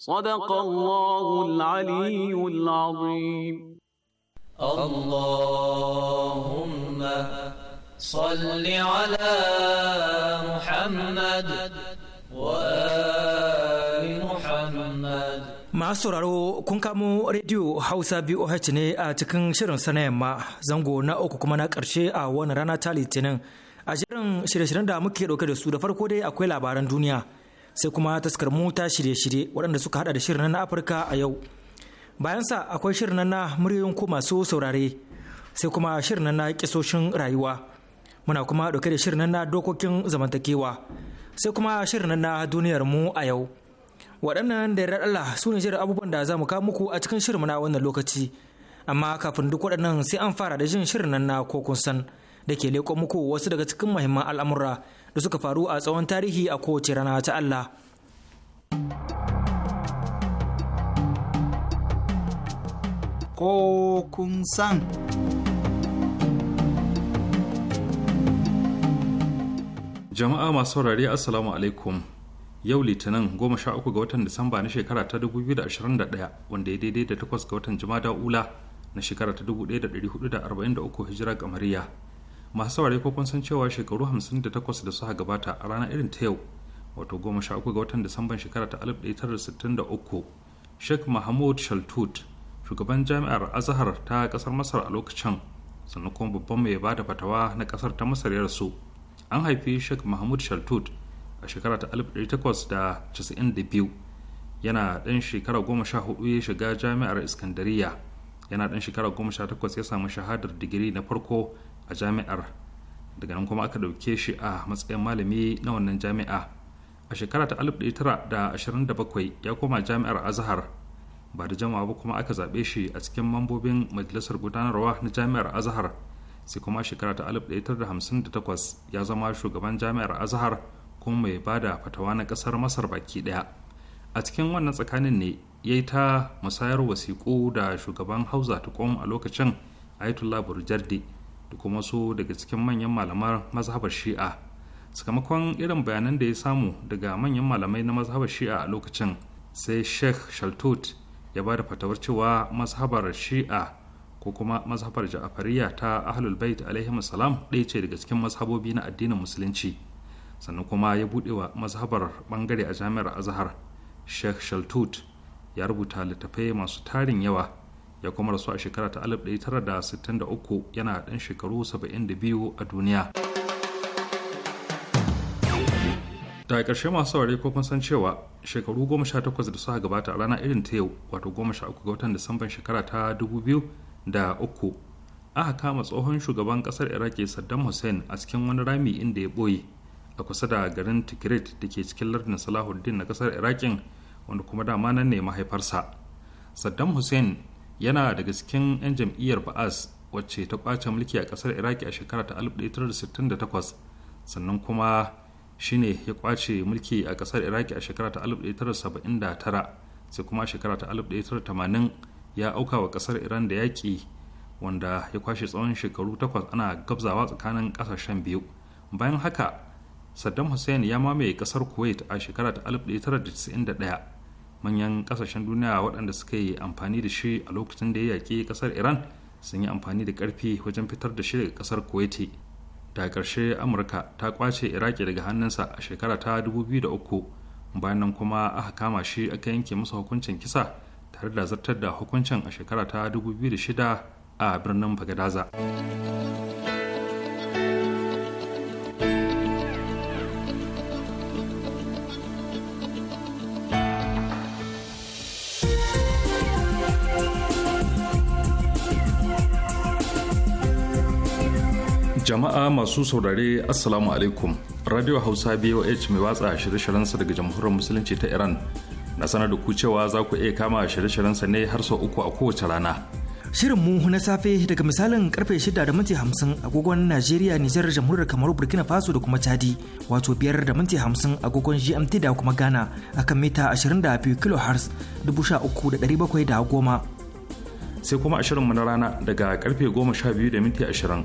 صدق الله العلي العظيم اللهم صل على محمد وآل محمد masu sauraro kun kamo rediyo hausa biyu boh ne a cikin shirin sana yamma zango na uku kuma na ƙarshe a wani rana ta litinin a shirin shirye-shiryen da muke dauke da su da farko dai akwai labaran duniya sai kuma taskar mu ta shirye-shirye waɗanda suka hada da shirin na Afirka a yau. Bayan sa akwai shirin na muryoyin ku masu saurare sai kuma shirin na kisoshin rayuwa. Muna kuma ɗauke da shirin na dokokin zamantakewa sai kuma shirin na duniyar mu a yau. Waɗannan da Allah su ne shirin abubuwan da za mu kawo muku a cikin shirin na wannan lokaci. Amma kafin duk waɗannan sai an fara da jin shirin na kokun san da ke leƙo muku wasu daga cikin muhimman al'amura da suka faru a tsawon tarihi a kowace rana ta Allah. Ko kun san. Jama'a masu saurari Assalamu alaikum. Yau Litinin goma sha uku ga watan Disamba na shekara ta 2021 wanda ya daidai da takwas ga watan Jumada'ula na shekara ta 1443 hijira kamariya. masu saurare ko kun san cewa shekaru 58 da suka gabata a ranar irin ta yau wato 13 ga watan disamban shekara ta 1963 sheikh mahmud shaltut shugaban jami'ar azhar ta kasar masar a lokacin sannan kuma babban mai bada fatawa na kasar ta masar ya rasu an haifi sheikh mahmud shaltut a shekara ta 1892 yana dan shekara 14 ya shiga jami'ar iskandariya yana dan shekara 18 ya samu shahadar digiri na farko a jami'ar daga nan kuma aka ɗauke shi a matsayin malami na wannan jami'a a shekara ta 1927 ya koma jami'ar azahar ba da jama'a ba kuma aka zaɓe shi a cikin mambobin majalisar gudanarwa na jami'ar azahar sai kuma a shekara ta 1958 ya zama shugaban jami'ar azahar kuma mai ba da fatawa na ƙasar masar baki ɗaya a cikin wannan tsakanin ne ya yi ta musayar wasiƙu da shugaban hausa tukum a lokacin ayatollah burjardi da kuma su daga cikin manyan malamar mazhabar shi'a sakamakon irin bayanan da ya samu daga manyan malamai na mazhabar shi'a a lokacin sai sheikh shaltut ya ba da fatawar cewa mazhabar shi'a ko kuma mazhabar ja'afariya ta ahlul bait alaihi salam ɗaya ce daga cikin mazhabobi na addinin musulunci sannan kuma ya buɗe wa mazhabar bangare a jami'ar azhar sheikh shaltut ya rubuta littattafai masu tarin yawa ya kuma rasu a shekara ta 1963 yana ɗan shekaru 72 a duniya. daga ƙarshe masu saurari ko kun san cewa shekaru 18 da suka gabata a rana irin ta yau wato 13 ga watan disamban shekara ta 2003 aka kama tsohon shugaban ƙasar iraki saddam hussein a cikin wani rami inda ya ɓoye a kusa da garin tikrit da ke cikin lardin salahuddin na ƙasar iraki wanda kuma dama nan ne mahaifarsa saddam hussein yana daga cikin 'yan jam'iyyar ba'as wacce ta kwace mulki a kasar iraki a shekara ta 1968 sannan kuma shine ya kwace mulki a kasar iraki a shekara ta 1979 sai kuma a shekara ta 1980 ya auka wa kasar iran da yaƙi wanda ya kwashe tsawon shekaru takwas ana gabzawa tsakanin ƙasashen biyu bayan haka saddam hussein ya mamaye kasar kuwait a shekara ta 1991 manyan kasashen duniya waɗanda suka yi amfani da shi a lokacin da ya yaƙi ƙasar iran sun yi amfani da ƙarfi wajen fitar da shi daga ƙasar kuwaiti da ƙarshe amurka ta kwace iraki daga hannunsa a shekara ta 2003 bayan nan kuma aka kama shi aka yanke masa hukuncin kisa tare da zartar da hukuncin a shekara ta 2006 a birnin bagadaza jama'a masu saurare assalamu alaikum radio hausa boh mai watsa shirye-shiryensa daga jamhuriyar musulunci ta iran na sanar da ku cewa za ku iya kama shirye-shiryensa ne har sau uku a kowace rana shirin mu na safe daga misalin karfe shida da minti hamsin agogon najeriya nijar jamhuriyar kamaru burkina faso da kuma chadi wato biyar da minti hamsin agogon gmt da kuma ghana akan mita 22 kilohertz goma sai kuma shirin mu na rana daga karfe goma sha biyu da minti ashirin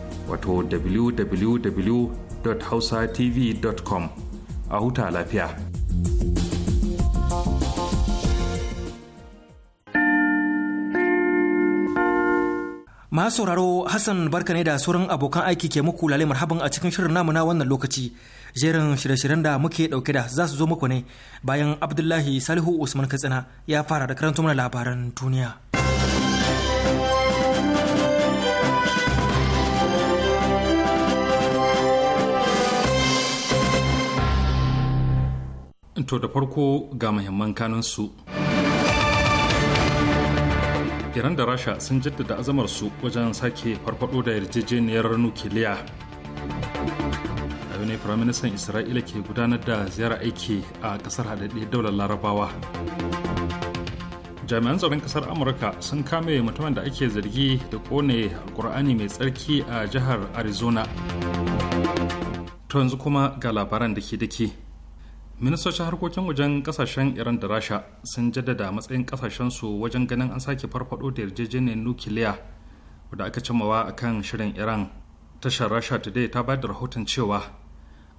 wato www.hausatv.com a huta lafiya. Ma sauraro Hassan barka ne da sauran abokan aiki ke muku lalai marhaban a cikin shirin namu na wannan lokaci. Jerin shirye-shiryen da muke dauke da za su zo muku ne bayan Abdullahi Salihu Usman Katsina ya fara da karanta mana labaran duniya. To da farko ga muhimman kanun su. Iran da Rasha sun jaddada su wajen sake farfado da yarjejeniyar nukiliya. A yau ne Firaministan Isra'ila ke gudanar da ziyara aiki a kasar haɗaɗɗe daular Larabawa. Jami'an tsaron kasar Amurka sun kame mutumin da ake zargi da kone alkur'ani mai tsarki a jihar Arizona. To yanzu kuma ga labaran da ke dake. ministocin harkokin wajen kasashen iran da rasha sun jaddada matsayin su wajen ganin an sake farfado da yarjejeniyar nukiliya wadda aka cimawa a kan shirin iran tashar rasha today ta bayar da rahoton cewa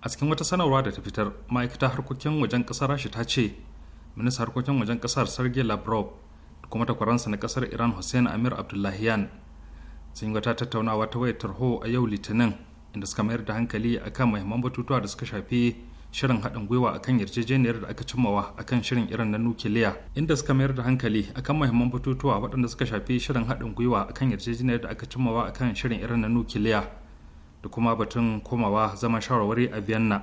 a cikin wata sanarwa da ta fitar ma'aikatar harkokin wajen kasar rasha ta ce ministan harkokin wajen kasar sergei lavrov da kuma takwaransa na kasar iran hussein amir abdullahiyan sun yi wata tattaunawa ta wayar tarho a yau litinin inda suka mayar da hankali akan muhimman batutuwa da suka shafi shirin haɗin gwiwa akan yarjejeniyar da aka cimmawa akan shirin irin na nukiliya inda suka mayar da hankali akan mahimman batutuwa waɗanda suka shafi shirin haɗin gwiwa akan yarjejeniyar da aka cimmawa akan shirin irin na nukiliya da kuma batun komawa zama shawarwari a vienna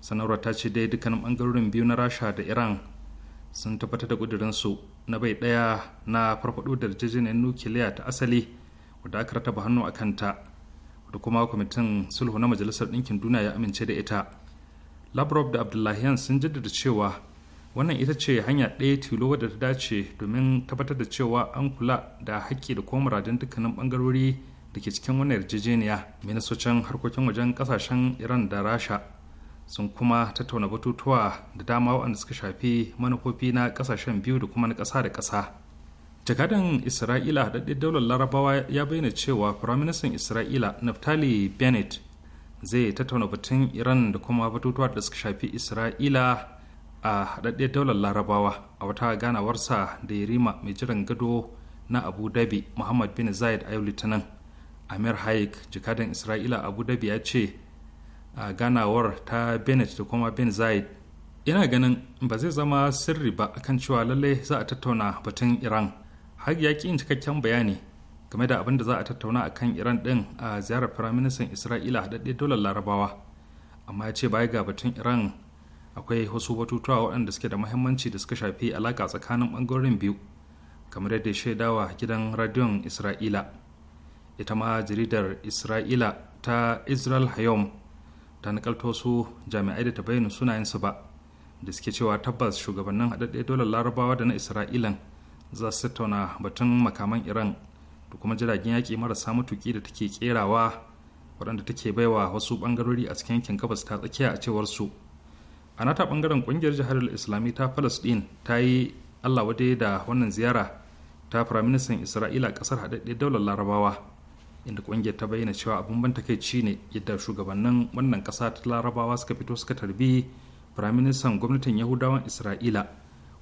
sanarwar ta ce dai dukkanin ɓangarorin biyu na rasha da iran sun tabbatar da ƙudurinsu na bai ɗaya na farfaɗo da yarjejeniyar nukiliya ta asali wadda aka rataba hannu a kanta da kuma kwamitin sulhu na majalisar ɗinkin duniya ya amince da ita Labrov da abdullahian sun jaddada cewa wannan ita ce hanya ɗaya tilo wadda ta dace domin tabbatar da cewa an kula da haƙƙi da kuma muradun dukkanin ɓangarori da ke cikin wannan yarjejeniya ministocin harkokin wajen ƙasashen iran da rasha sun kuma tattauna batutuwa da dama waɗanda suka shafi manufofi na ƙasashen biyu da kuma na ƙasa da ƙasa jakadan isra'ila da daular larabawa ya bayyana cewa firaministan isra'ila naftali bennett zai tattauna batun iran da kuma batutuwa da suka shafi isra'ila a haɗaɗɗiyar daular larabawa a wata ganawarsa da yarima mai jiran gado na abu dhabi muhammad bin zayed a litinin amir haik jikadin isra'ila abu dhabi ya ce a ganawar ta benet da kuma bin zayed yana ganin ba zai zama sirri ba akan cewa lallai za a tattauna batun iran har ya ƙi cikakken bayani game da abin da za a tattauna a kan iran din a ziyarar firaministan isra'ila haɗaɗɗe dolar larabawa amma ya ce baya ga batun iran akwai wasu batutuwa waɗanda suke da mahimmanci da suka shafi alaƙa tsakanin ɓangarorin biyu kamar yadda shaidawa gidan radiyon isra'ila ita ma jaridar isra'ila ta israel hayom ta nakalto su jami'ai da ta bayyana sunayensu ba da suke cewa tabbas shugabannin haɗaɗɗe dolar larabawa da na isra'ilan za su tattauna batun makaman iran da kuma jiragen yaƙi marasa matuƙi da take kerawa waɗanda take baiwa wasu ɓangarori a cikin yankin gabas ta tsakiya a cewar su a nata ɓangaren ƙungiyar jihar islami ta palestine ta yi allah wade da wannan ziyara ta firaministan isra'ila ƙasar haɗaɗɗe daular larabawa inda ƙungiyar ta bayyana cewa abin ban takaici ne yadda shugabannin wannan ƙasa ta larabawa suka fito suka tarbi firaministan gwamnatin yahudawan isra'ila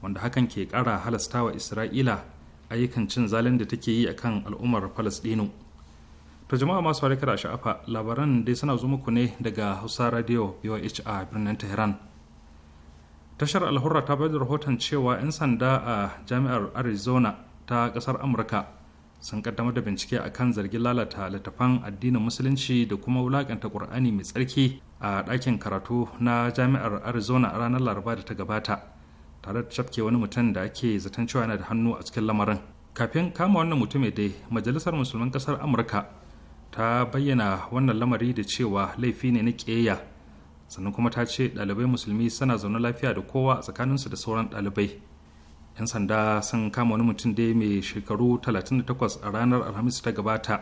wanda hakan ke ƙara halasta wa isra'ila ayyukan cin zalin da take yi akan al'ummar palestino ta jama'a masu harika kada sha'afa labaran dai suna zo muku ne daga hausa radio biyu a birnin tehran tashar alhurra ta bayar da rahoton cewa 'yan sanda a jami'ar arizona ta kasar amurka sun kaddamar da bincike akan zargin lalata littafan addinin musulunci da kuma wulakanta ƙur'ani mai tsarki a ɗakin karatu na jami'ar arizona a ranar laraba da ta gabata tare da cafke wani mutum da ake zaton cewa yana da hannu a cikin lamarin kafin kama wannan mutum mutumin dai majalisar musulman kasar amurka ta bayyana wannan lamari da cewa laifi ne na ƙeya sannan kuma ta ce ɗalibai musulmi suna zaune lafiya da kowa a tsakaninsu da sauran ɗalibai 'yan sanda sun kama wani mutum dai mai shekaru 38 a ranar alhamis ta gabata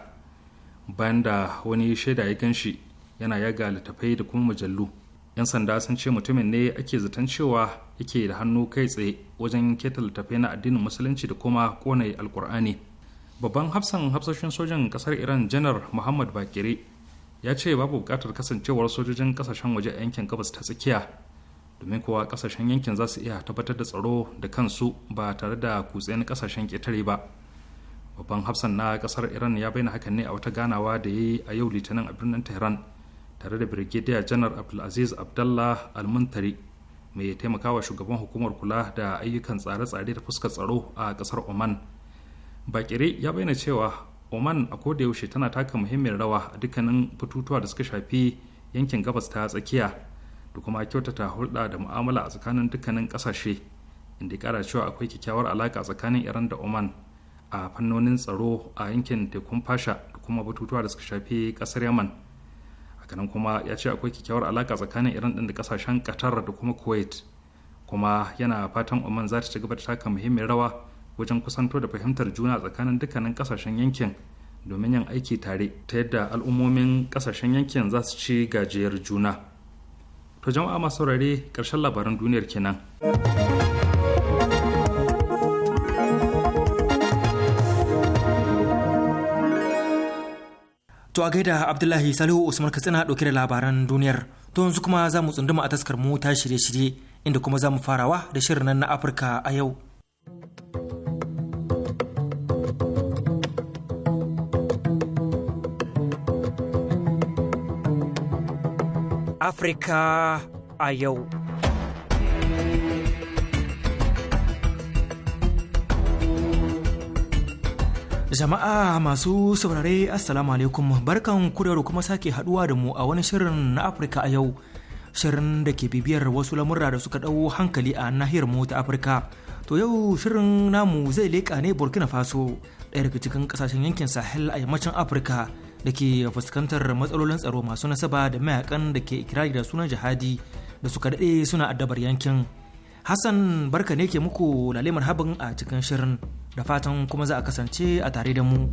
bayan da wani shaida ya ganshi yana yaga littattafai da kuma mujallu 'yan sanda sun ce mutumin ne ake zaton cewa yake da hannu kai tsaye wajen keta littattafai na addinin musulunci da kuma kone alkur'ani babban hafsan hafsashin sojan kasar iran janar muhammad bakire ya ce babu bukatar kasancewar sojojin kasashen waje a yankin gabas ta tsakiya domin kowa kasashen yankin za su iya tabbatar da tsaro da kansu ba tare da kutsen kasashen ketare ba babban hafsan na kasar iran ya bayyana hakan ne a wata ganawa da ya yi a yau litinin a birnin tehran tare da brigadier janar abdulaziz abdallah almuntari mai taimakawa shugaban hukumar kula da ayyukan tsare-tsare da fuskar tsaro a kasar oman bakire ya bayyana cewa oman a yaushe tana taka muhimmin rawa a dukkanin batutuwa da suka shafi yankin gabas ta tsakiya da kuma kyautata hulɗa da mu'amala a tsakanin dukkanin ƙasashe inda kara cewa akwai kyakkyawar alaƙa tsakanin iran da oman a fannonin tsaro a yankin tekun fasha da kuma batutuwa da suka shafi ƙasar yaman hakanan kuma ya ce akwai kyakkyawar alaka tsakanin iran ɗin da ƙasashen qatar da kuma kuwait kuma yana fatan oman za ta ci gaba da taka muhimmiyar rawa wajen kusanto da fahimtar juna tsakanin dukkanin ƙasashen yankin domin yin aiki tare ta yadda al'ummomin ƙasashen yankin za su ci gajiyar juna to jama'a masu saurare ƙarshen labaran duniyar kenan. To a gaida Abdullahi Salihu Usman Katsina ɗauke da labaran duniyar. To yanzu kuma za mu tsunduma a taskar mu ta shirye-shirye inda kuma za mu farawa da shirin nan na Afirka a yau. Afirka a yau. Jama'a masu saurare Assalamu alaikum barkan kudaru kuma sake haduwa da mu a wani shirin na Afirka a yau. Shirin da ke bibiyar wasu lamurra da suka ɗau hankali a nahiyar mu ta Afirka. To yau shirin namu zai leka ne Burkina Faso ɗaya daga cikin ƙasashen yankin Sahel a yammacin Afirka da ke fuskantar matsalolin tsaro masu nasaba da mayakan da ke ikirari da sunan jihadi da suka daɗe suna addabar yankin. Hassan barka ne ke muku lalemar habin a cikin shirin da fatan kuma za a kasance a tare da mu.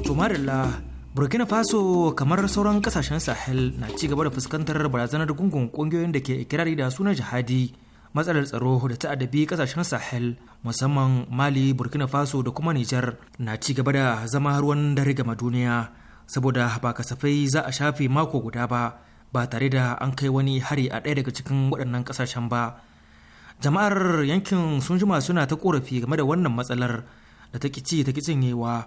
Tumarilla burkina faso kamar sauran kasashen sahel na ci gaba da fuskantar barazanar gungun kungiyoyin da ke ikirari da sunan jihadi matsalar tsaro da ta adabi kasashen sahel musamman mali burkina faso da kuma nijar na ci gaba da zama ruwan dare gama duniya saboda ba kasafai za a shafe mako guda ba ba tare da an kai wani hari a ɗaya daga cikin waɗannan kasashen ba jama'ar yankin sun jima suna ta korafi game da wannan matsalar da ta kici ta cinyewa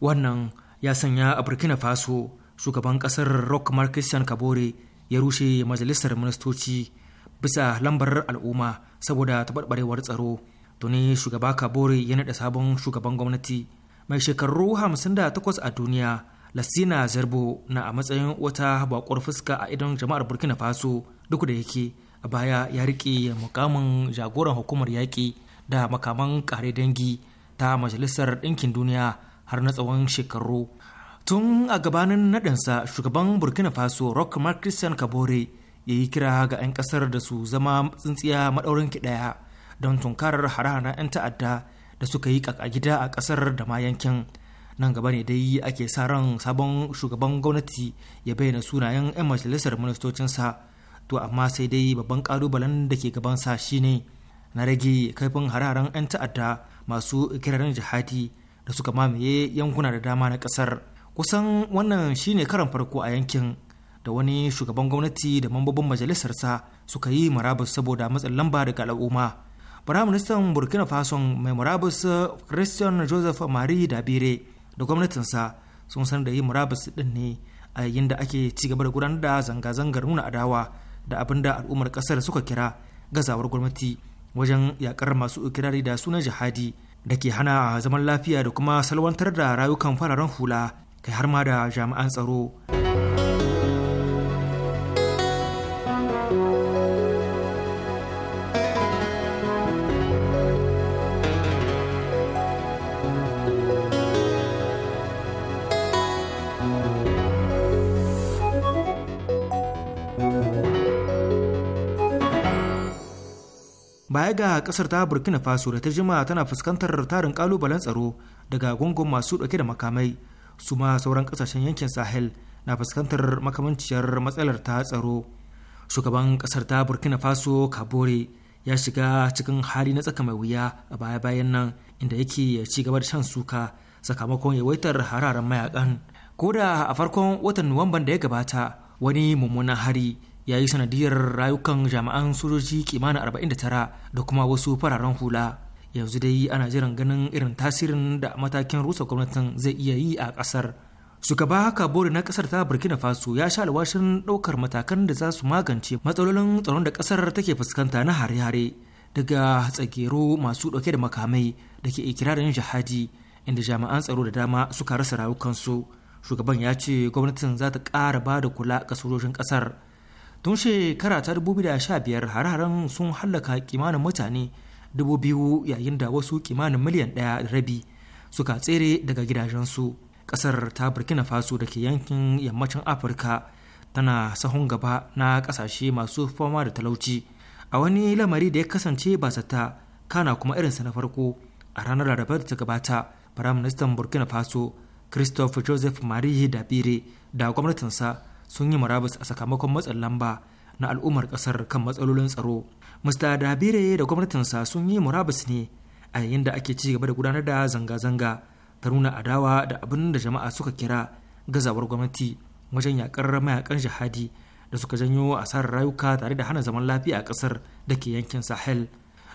wannan ya sanya a burkina faso shugaban ƙasar rock mark kabore ya rushe majalisar ministoci bisa lambar al'umma saboda taɓarɓarewar tsaro tuni shugaba kabore ya naɗa sabon shugaban gwamnati mai shekaru 58 a duniya lasina zarbo na a matsayin wata bakwar fuska a idon jama'ar burkina faso duk da yake a baya ya riƙe mukamin jagoran hukumar yaƙi da makaman kare dangi ta majalisar ɗinkin duniya har na tsawon shekaru tun a gabanin naɗinsa shugaban burkina faso rock christian kabore ya yi kira ga 'yan kasar da su zama tsintsiya maɗaurin ki ɗaya don tunkarar harahana 'yan ta'adda da suka yi kaka gida a kasar da ma yankin nan gaba ne dai ake sa ran sabon shugaban gwamnati ya bayyana sunayen 'yan majalisar ministocinsa to amma sai dai babban kalubalen da ke gaban sa shine na rage kaifin hararen 'yan ta'adda masu ikirarin jihadi da suka mamaye yankuna da dama na kasar kusan wannan shine karan farko a yankin da wani shugaban gwamnati da mambobin majalisarsa suka yi murabus saboda matsin lamba daga al'umma firaministan burkina faso mai murabus christian joseph marie dabire da gwamnatinsa sun san da yi murabus din ne a yayin da ake ci gaba da gudanar da zanga-zangar nuna adawa da abin da al'ummar kasar suka kira gazawar gwamnati wajen yakar masu ikirari da sunan jihadi da ke hana zaman lafiya da kuma salwantar da rayukan fararen hula kai har ma da jami'an tsaro. baya ga kasar ta burkina faso da ta jima tana fuskantar tarin kalubalen tsaro daga gungun masu dauke da makamai su ma sauran kasashen yankin sahel na fuskantar makamanciyar matsalar ta tsaro shugaban kasar ta burkina faso kabore ya shiga cikin hali na tsaka mai wuya a baya-bayan nan inda yake ya ci gaba da shan suka sakamakon yawaitar hararen mayakan ko da a farkon watan nuwamban da ya gabata wani mummunan hari ya yi sanadiyar rayukan jami'an sojoji kimanin 49 da kuma wasu fararen hula yanzu dai ana jiran ganin irin tasirin da matakin rusa gwamnatin zai iya yi a ƙasar shugaba bori na ƙasar ta burkina faso ya sha alwashin ɗaukar matakan da za su magance matsalolin tsaron da ƙasar take fuskanta na hare-hare daga tsagero masu dauke da makamai da ke ikirarin jihadi inda jami'an tsaro da dama suka rasa rayukansu shugaban ya ce gwamnatin za ta ƙara ba da kula ga sojojin ƙasar tun shekara ta 2015 hare-haren sun hallaka kimanin mutane dubu biyu yayin da wasu kimanin miliyan ɗaya da rabi suka tsere daga gidajensu ƙasar ta burkina faso da ke yankin yammacin afirka tana sahun gaba na ƙasashe masu fama da talauci a wani lamari da ya kasance ba zata kana kuma irinsa na farko a ranar laraba da ta gabata firaministan burkina faso christophe joseph marie dabire da gwamnatinsa sun yi murabus a sakamakon matsin lamba na al'ummar kasar kan matsalolin tsaro mr dabire da gwamnatinsa sun yi murabus ne a yayin da ake ci gaba da gudanar da zanga-zanga ta nuna adawa da abin da jama'a suka kira gazawar gwamnati wajen yakar mayakan jihadi da suka janyo asarar rayuka tare da hana zaman lafiya a kasar da ke yankin sahel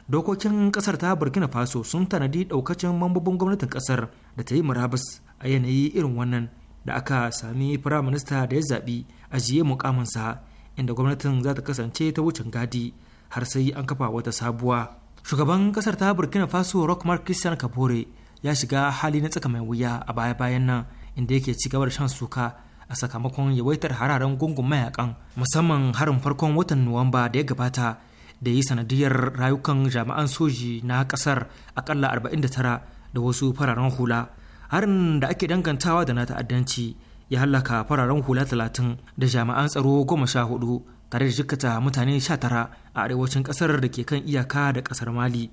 dokokin kasar ta burkina faso sun tanadi daukacin mambobin gwamnatin kasar da ta yi murabus a yanayi irin wannan da aka sami firaminista da ya zaɓi ajiye mukaminsa inda gwamnatin za ta kasance ta wucin gadi har sai an kafa wata sabuwa shugaban kasar ta burkina faso rockmar christian kabore ya shiga hali na tsaka mai wuya a baya-bayan nan inda yake ci gaba da shan suka a sakamakon yawaitar hararen gungun mayakan musamman harin farkon watan nuwamba da ya gabata da yi sanadiyar rayukan jami'an soji na kasar akalla 49 da wasu fararen hula harin da ake dangantawa da na ta'addanci ya hallaka fararen hula talatin da jami'an tsaro goma sha hudu tare da jikkata mutane sha tara a arewacin kasar da ke kan iyaka da kasar mali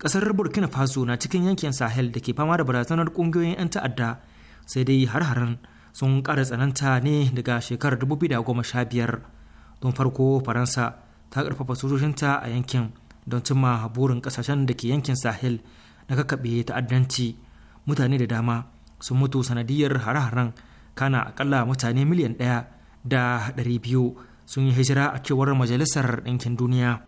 kasar burkina faso na cikin yankin sahel da ke fama da barazanar kungiyoyin 'yan ta'adda sai dai har-haren sun ƙara tsananta ne daga shekarar 2015 don farko faransa ta karfafa sojojinta a yankin don cimma burin kasashen da ke yankin sahel na kakkaɓe ta'addanci mutane da dama sun mutu sanadiyar hare-haren kana akalla mutane miliyan ɗaya da ɗari biyu sun yi hijira a cewar majalisar ɗinkin duniya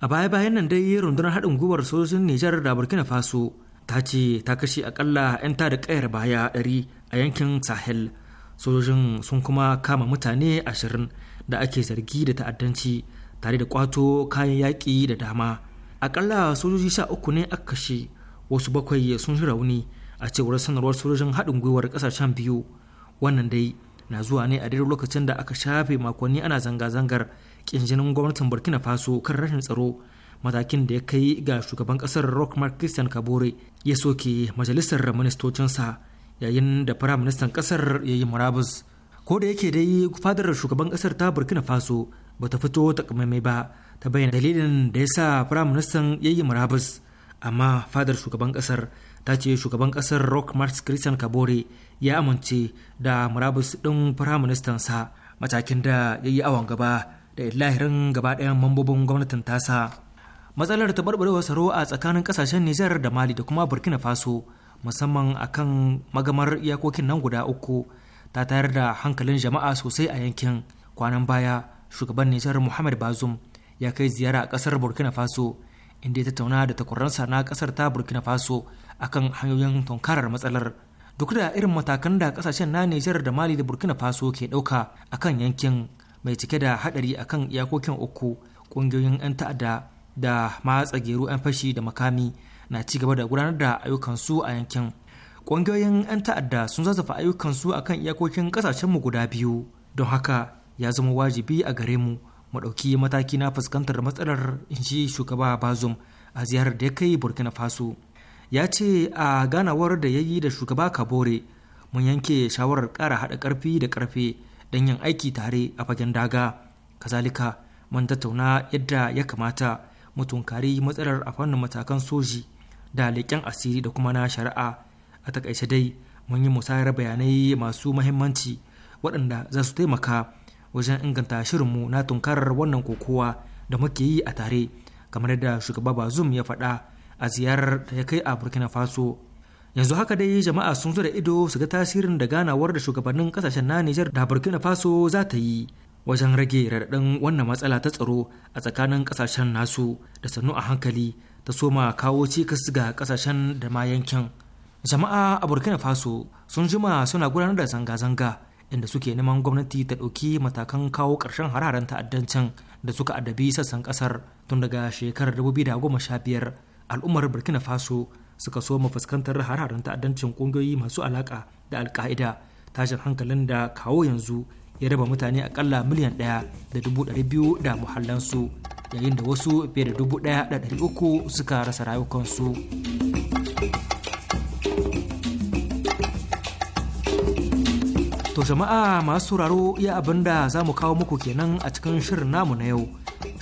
a baya-bayan nan dai rundunar haɗin gwiwar sojojin nijar da burkina faso ta ce ta kashe akalla 'yan da kayar baya 100 a yankin sahel sojojin sun kuma kama mutane ashirin da ake zargi da ta'addanci tare da kwato kayan yaƙi da dama akalla sojoji sha uku ne aka kashe wasu bakwai sun shi rauni a cewar sanarwar sojojin haɗin gwiwar ƙasashen biyu wannan dai na zuwa ne a daidai lokacin da aka shafe makonni ana zanga-zangar ƙinjinin gwamnatin burkina faso kan rashin tsaro matakin da ya kai ga shugaban kasar rock mark christian kabore ya soke majalisar ministocinsa yayin da firaministan kasar ya yi murabus ko da yake dai fadar shugaban kasar ta burkina faso ba ta fito takamaimai ba ta bayyana dalilin da ya sa firaministan ya yi murabus amma fadar shugaban kasar ta ce shugaban kasar rock mark christian kabore ya amince da murabus ɗin firaministansa matakin da ya yi awon gaba da lahirin gaba ɗayan mambobin gwamnatin tasa matsalar taɓarɓarewar tsaro a tsakanin kasashen nijar da mali da kuma burkina faso musamman akan magamar iyakokin nan guda uku ta tayar da hankalin jama'a sosai a yankin kwanan baya shugaban nijar muhammad bazum ya kai ziyara a kasar burkina faso inda ya tattauna da takwaransa na kasar ta burkina faso akan hanyoyin tunkarar matsalar duk da irin matakan da kasashen na nijar da mali da burkina faso ke ɗauka akan yankin mai cike da haɗari akan iyakokin uku ƙungiyoyin 'yan ta'adda da matsa geru 'yan fashi da makami na ci gaba da gudanar da ayyukansu a yankin ƙungiyoyin 'yan ta'adda sun zazzafa ayyukansu a kan iyakokin ƙasashenmu guda biyu don haka ya zama wajibi a gare mu mu ɗauki mataki na fuskantar matsalar in ji shugaba bazum a ziyarar da ya kai burkina faso ya ce a ganawar da ya yi da shugaba kabore mun yanke shawarar ƙara haɗa ƙarfi da ƙarfe don yin aiki tare a fagen daga kazalika mun tattauna yadda ya kamata mutunkari matsalar a fannin matakan soji da leƙen asiri da kuma na shari'a a takaice dai mun yi musayar bayanai masu mahimmanci waɗanda za su taimaka wajen inganta shirinmu na tunkarar wannan kokowa da muke yi a tare kamar yadda shugaba bazum ya faɗa a ziyarar da ya kai a burkina faso yanzu haka dai jama'a sun zo da ido su ga tasirin da ganawar da shugabannin kasashen na nijar da burkina faso za ta yi wajen rage raɗaɗin wannan matsala ta tsaro a tsakanin ƙasashen nasu da sannu a hankali ta soma kawo cikas ga ƙasashen da ma yankin jama'a a burkina faso sun jima suna gudanar da zanga-zanga inda suke neman gwamnati ta ɗauki matakan kawo ƙarshen hararen ta'addancin da suka addabi sassan ƙasar tun daga shekarar 2015 al'ummar burkina faso suka soma fuskantar hararen ta'addancin ƙungiyoyi masu alaƙa da alka'ida tashin hankalin da kawo yanzu ya raba mutane akalla miliyan ɗaya da dubu ɗari biyu da muhallansu yayin da wasu fiye da dubu ɗaya da ɗari uku suka rasa rayukansu to jama'a masu sauraro ya abin da za mu kawo muku kenan a cikin shirin namu na yau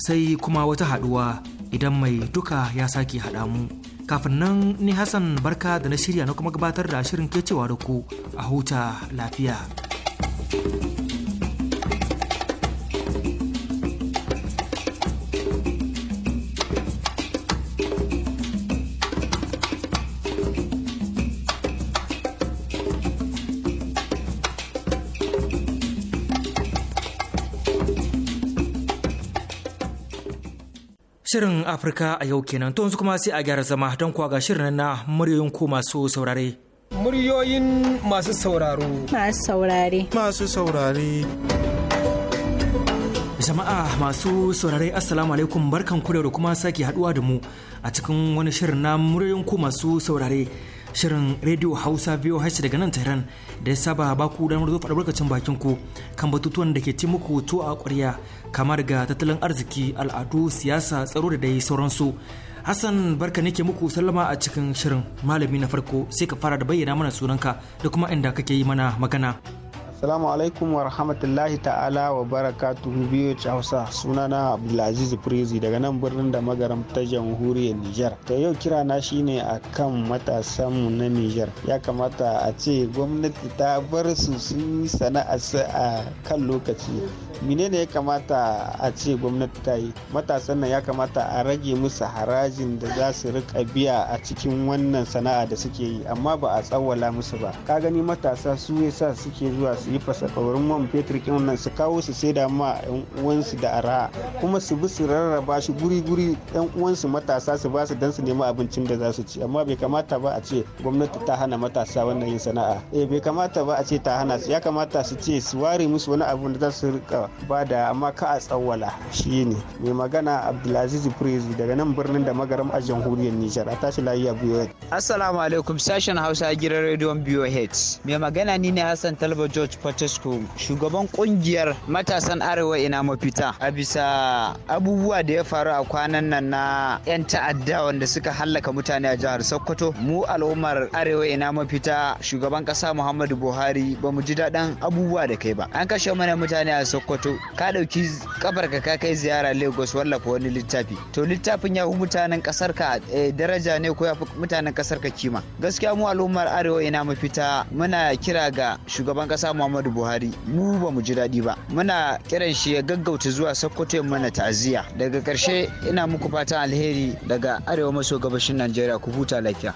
sai kuma wata haɗuwa idan mai duka ya sake haɗa mu kafin nan ni hassan barka da na shirya na kuma gabatar da shirin kecewa da ku a huta lafiya thank you Shirin Afirka a yau kenan to yanzu kuma sai a gyara zama don kuwa ga shirin na muryoyin ku masu saurare. Muryoyin masu sauraro. Masu saurare. Masu saurare. Jama'a masu saurare Assalamu alaikum barkan kure da kuma sake haduwa da mu a cikin wani shirin na muryoyin ku masu saurare. shirin radio hausa biyu hashi daga nan tehran da ya saba baku damar zo faɗa barkacin bakin ku kan batutuwan da ke ci muku to a ƙwarya kamar ga tattalin arziki al'adu siyasa tsaro da dai sauransu hassan barka nake muku sallama a cikin shirin malami na farko sai ka fara da bayyana mana sunanka da kuma inda kake yi mana magana Assalamu alaikum wa rahmatullahi ta'ala wa barakatuhu biyu Hausa sunana Abdulaziz Prezi daga nan birnin da magaram ta jamhuriyar niger. To yau kira na shine akan matasanmu na niger Ya kamata a ce gwamnati ta bar su sun yi sana'a a kan lokaci. menene ya kamata a ce gwamnati ta yi matasan nan ya kamata a rage musu harajin da za su rika biya a cikin wannan sana'a da suke yi amma ba a tsawwala musu ba ka gani matasa su ya sa suke zuwa su yi fasakaurin man fetur kin nan su kawo su sai da ma yan uwansu da ara kuma su bi su rarraba shi guri guri yan uwansu matasa su ba su dan su nemi abincin da za su ci amma bai kamata ba a ce gwamnati ta hana matasa wannan yin sana'a eh bai kamata ba a ce ta hana su ya kamata su ce su ware musu wani abu da za su rika Ba da amma ka a tsawwala ne. mai magana abdulaziz prezi daga nan birnin da magaram a jamhuriyar nijar a tashi lafiya biyu assalamu alaikum sashen hausa gidan rediyon biyu mai magana ni ne hassan talba george patesco shugaban kungiyar matasan arewa ina mafita a bisa abubuwa da ya faru a kwanan nan na 'yan ta'adda wanda suka hallaka mutane a jihar sokoto mu al'ummar arewa ina mafita shugaban kasa muhammadu buhari ba mu ji daɗin abubuwa da kai ba an kashe mana mutane a sokoto sokoto ka ɗauki kafar ka kai ziyara lagos wallafa wani littafi to littafin ya fi mutanen ƙasar ka eh, daraja ne ko ya fi mutanen ƙasar ka kima gaskiya mu al'ummar arewa ina mafita muna kira ga shugaban ƙasa muhammadu buhari mu ba mu ji daɗi ba muna kiran shi ya gaggauta zuwa sokoto mana ta'aziyya daga karshe ina muku fatan alheri daga arewa maso gabashin najeriya ku huta lafiya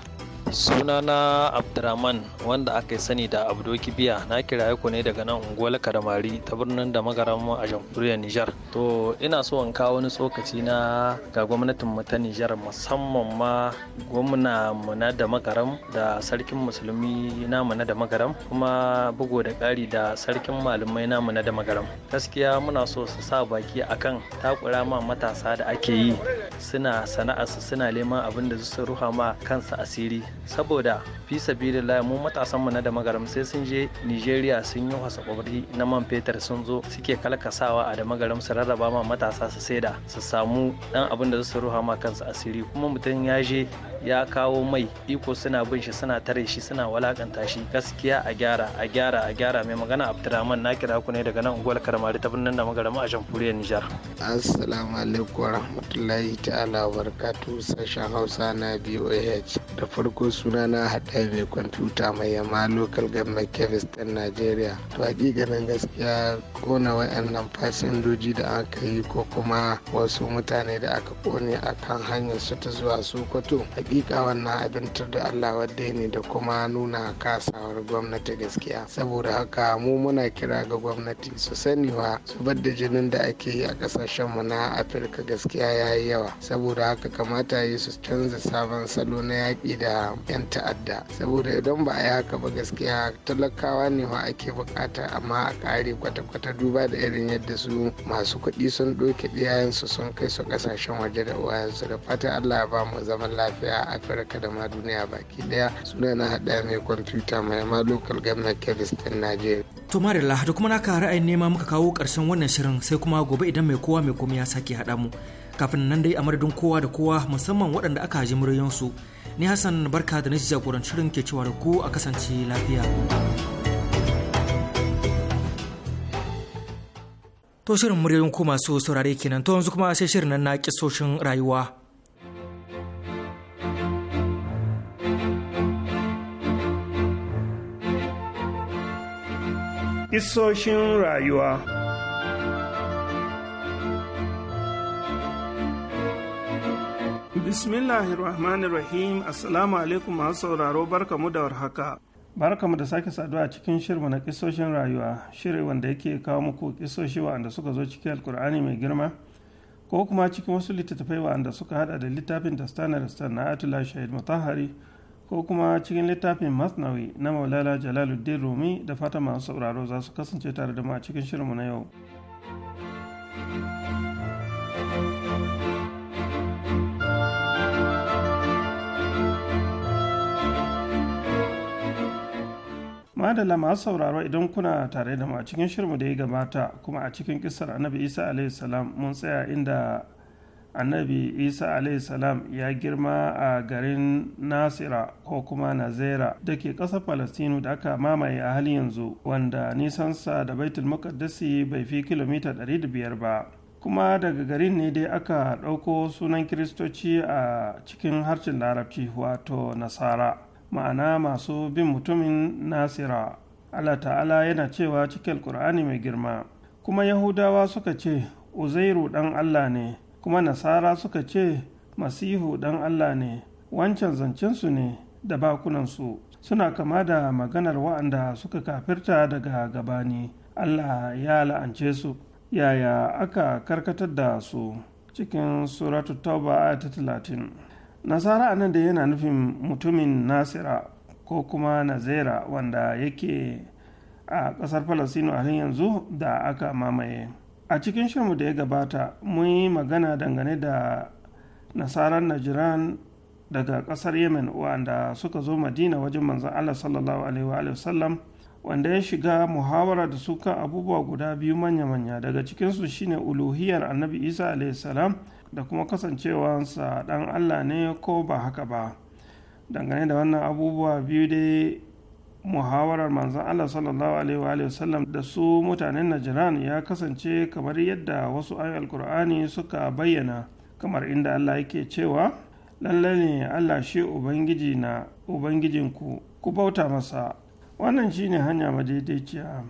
sunana abdurrahman wanda aka sani da abdo kibiya na kiraye ku ne daga nan unguwar karamari ta birnin da a jamhuriyar nijar to ina so in kawo wani tsokaci na ga gwamnatin mu ta nijar musamman ma gwamna mu na da magaram da sarkin musulmi na mu na da magaram kuma bugu da ƙari da sarkin malamai na mu na da magaram gaskiya muna so su sa baki akan takura ma matasa da ake yi suna sana'a suna neman abin da su ruha ma kansa asiri saboda fi sabilillahi mu matasan mu na da magaram sai sun je Nigeria sun yi wasa kwabri na man fetur sun zo suke kalkasawa a da magaram su rarraba ma matasa su saida su samu dan abin da su ruha ma kansu asiri kuma mutum ya je ya kawo mai iko suna bin shi suna tare shi suna walakanta shi gaskiya a gyara a gyara a gyara mai magana Abdurrahman na kira ku ne daga nan unguwar Karmari ta birnin da magaram a Jamhuriyar Nijar Assalamu alaikum warahmatullahi ta'ala barakatuh sashen Hausa na BOH da farko sunana haɗa mai kwamfuta mai yamma local government kebis ɗan najeriya to hakikanin gaskiya kona wayannan fasinjoji da aka yi ko kuma wasu mutane da aka kone a kan hanyar su ta zuwa sokoto hakika wannan abin da allah wadda ne da kuma nuna kasawar gwamnati gaskiya saboda haka mu muna kira ga gwamnati su saniwa su da jinin da ake yi a mu na afirka gaskiya ya yi yawa saboda haka kamata yi su canza sabon salo na yaƙi da 'yan ta'adda saboda idan ba a yi haka ba gaskiya talakawa ne wa ake bukata amma a kare kwata-kwata duba da irin yadda su masu kuɗi sun ɗauke ɗiyayensu sun kai su ƙasashen waje da uwayensu da fatan allah ya ba mu zaman lafiya a afirka da ma duniya baki ɗaya suna na haɗa mai kwamfuta mai ma lokal government kebis ɗin najeriya. to marilla da kuma naka ra'ayin nema muka kawo ƙarshen wannan shirin sai kuma gobe idan mai kowa mai komai ya sake haɗa mu kafin nan dai a madadin kowa da kowa musamman waɗanda aka ji muryansu su ni hassan barka da na shirin ke cewa da ku a kasance lafiya to shirin muryoyin ku masu saurare kenan to yanzu kuma sai shirin nan na kisoshin rayuwa isoshin rayuwa Bismillahirrahmanirrahim Assalamu alaikum masu sauraro barka barkamu da warhaka. mu da sake saduwa a cikin shirma na kisoshin rayuwa, shirin wanda yake kawo muku kisoshi wa'anda suka zo cikin Alkur'ani mai girma, ko kuma cikin wasu littattafai wa'anda suka hada da littafin da Dastan na Atula Shahid Mutahari, ko kuma cikin littafin Masnawi na maulala Jalaluddin Rumi da fata masu sauraro za su kasance tare da mu a cikin shirmu na yau. madalla masu sauraro idan kuna tare da mu a cikin shirmu da ya gabata kuma a cikin kisar annabi isa salam mun tsaya inda annabi isa salam ya girma a garin nasira ko kuma nazera da ke ƙasar palestinu da aka mamaye a halin yanzu wanda nisansa da baitul Makaddasi bai fi kilomita 500 ba kuma daga garin ne dai aka ɗauko sunan kiristoci a cikin harshen larabci wato nasara ma'ana masu bin mutumin nasira allah ta'ala yana cewa cikin Kur'ani mai girma kuma yahudawa suka ce uzairu dan allah ne kuma nasara suka ce masihu dan allah ne wancan zancensu ne da bakunansu suna kama da maganar wa'anda suka kafirta daga gabani allah ya la'ance su yaya aka karkatar da su cikin suratu tauba ta talatin nasara a nan da yana nufin mutumin nasira ko kuma nazera wanda yake a ƙasar falasino a yanzu da aka mamaye a cikin shirmu da ya gabata mun yi magana dangane da nasarar najiran daga ƙasar yemen wanda suka zo madina wajen manzan allah sallallahu alaihi wasallam wanda ya shiga muhawara da su kan abubuwa guda biyu manya-manya daga cikinsu shine uluhiyar annabi isa alaihi salam da kuma kasancewansa dan allah ne ko ba haka ba dangane da wannan abubuwa biyu dai muhawarar manzan allah sallallahu alaihi da su mutanen najiran ya kasance kamar yadda wasu ayoyin alkur'ani suka bayyana kamar inda allah yake cewa lallai ne allah shi ubangiji na ubangijinku ku bauta masa wannan shine hanya madaidaiciya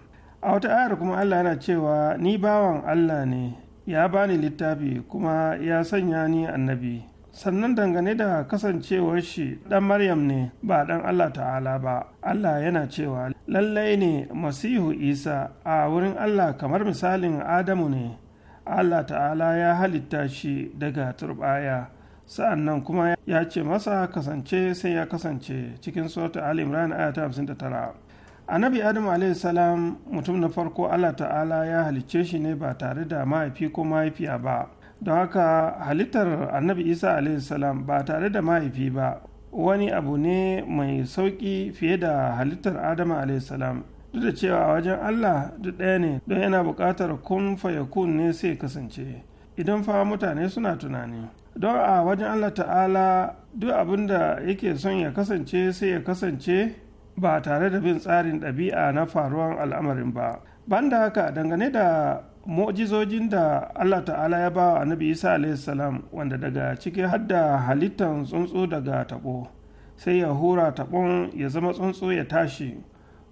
a wata ayar kuma allah yana cewa ni bawan allah ne ya bani littafi kuma ya sanya ni annabi sannan dangane da kasancewar shi ɗan maryam ne ba ɗan allah ta'ala ba allah yana cewa lallai ne masihu isa a wurin allah kamar misalin adamu ne allah ta'ala ya halitta shi daga turbaya sa'annan kuma ya ce masa kasance sai ya kasance cikin sota ali imran aya ta 59 annabi adamu salam mutum na farko allah ta'ala ya halicce shi ne ba tare da mahaifi ko mahaifiya ba don haka halittar annabi isa salam ba tare da mahaifi ba wani abu ne mai sauki fiye da halittar adamu salam duk da cewa wajen allah duk ɗaya ne don yana buƙatar kun fayakun ne sai kasance idan fa mutane suna tunani don a wajen allah ta'ala duk abin da yake son ya kasance sai ya kasance ba tare da bin tsarin ɗabi'a na faruwan al'amarin ba banda haka dangane da mu'jizojin da allah ta'ala ya ba wa annabi isa salam wanda daga ciki hadda halittar tsuntsu daga taɓo sai ya hura taɓon ya zama tsuntsu ya tashi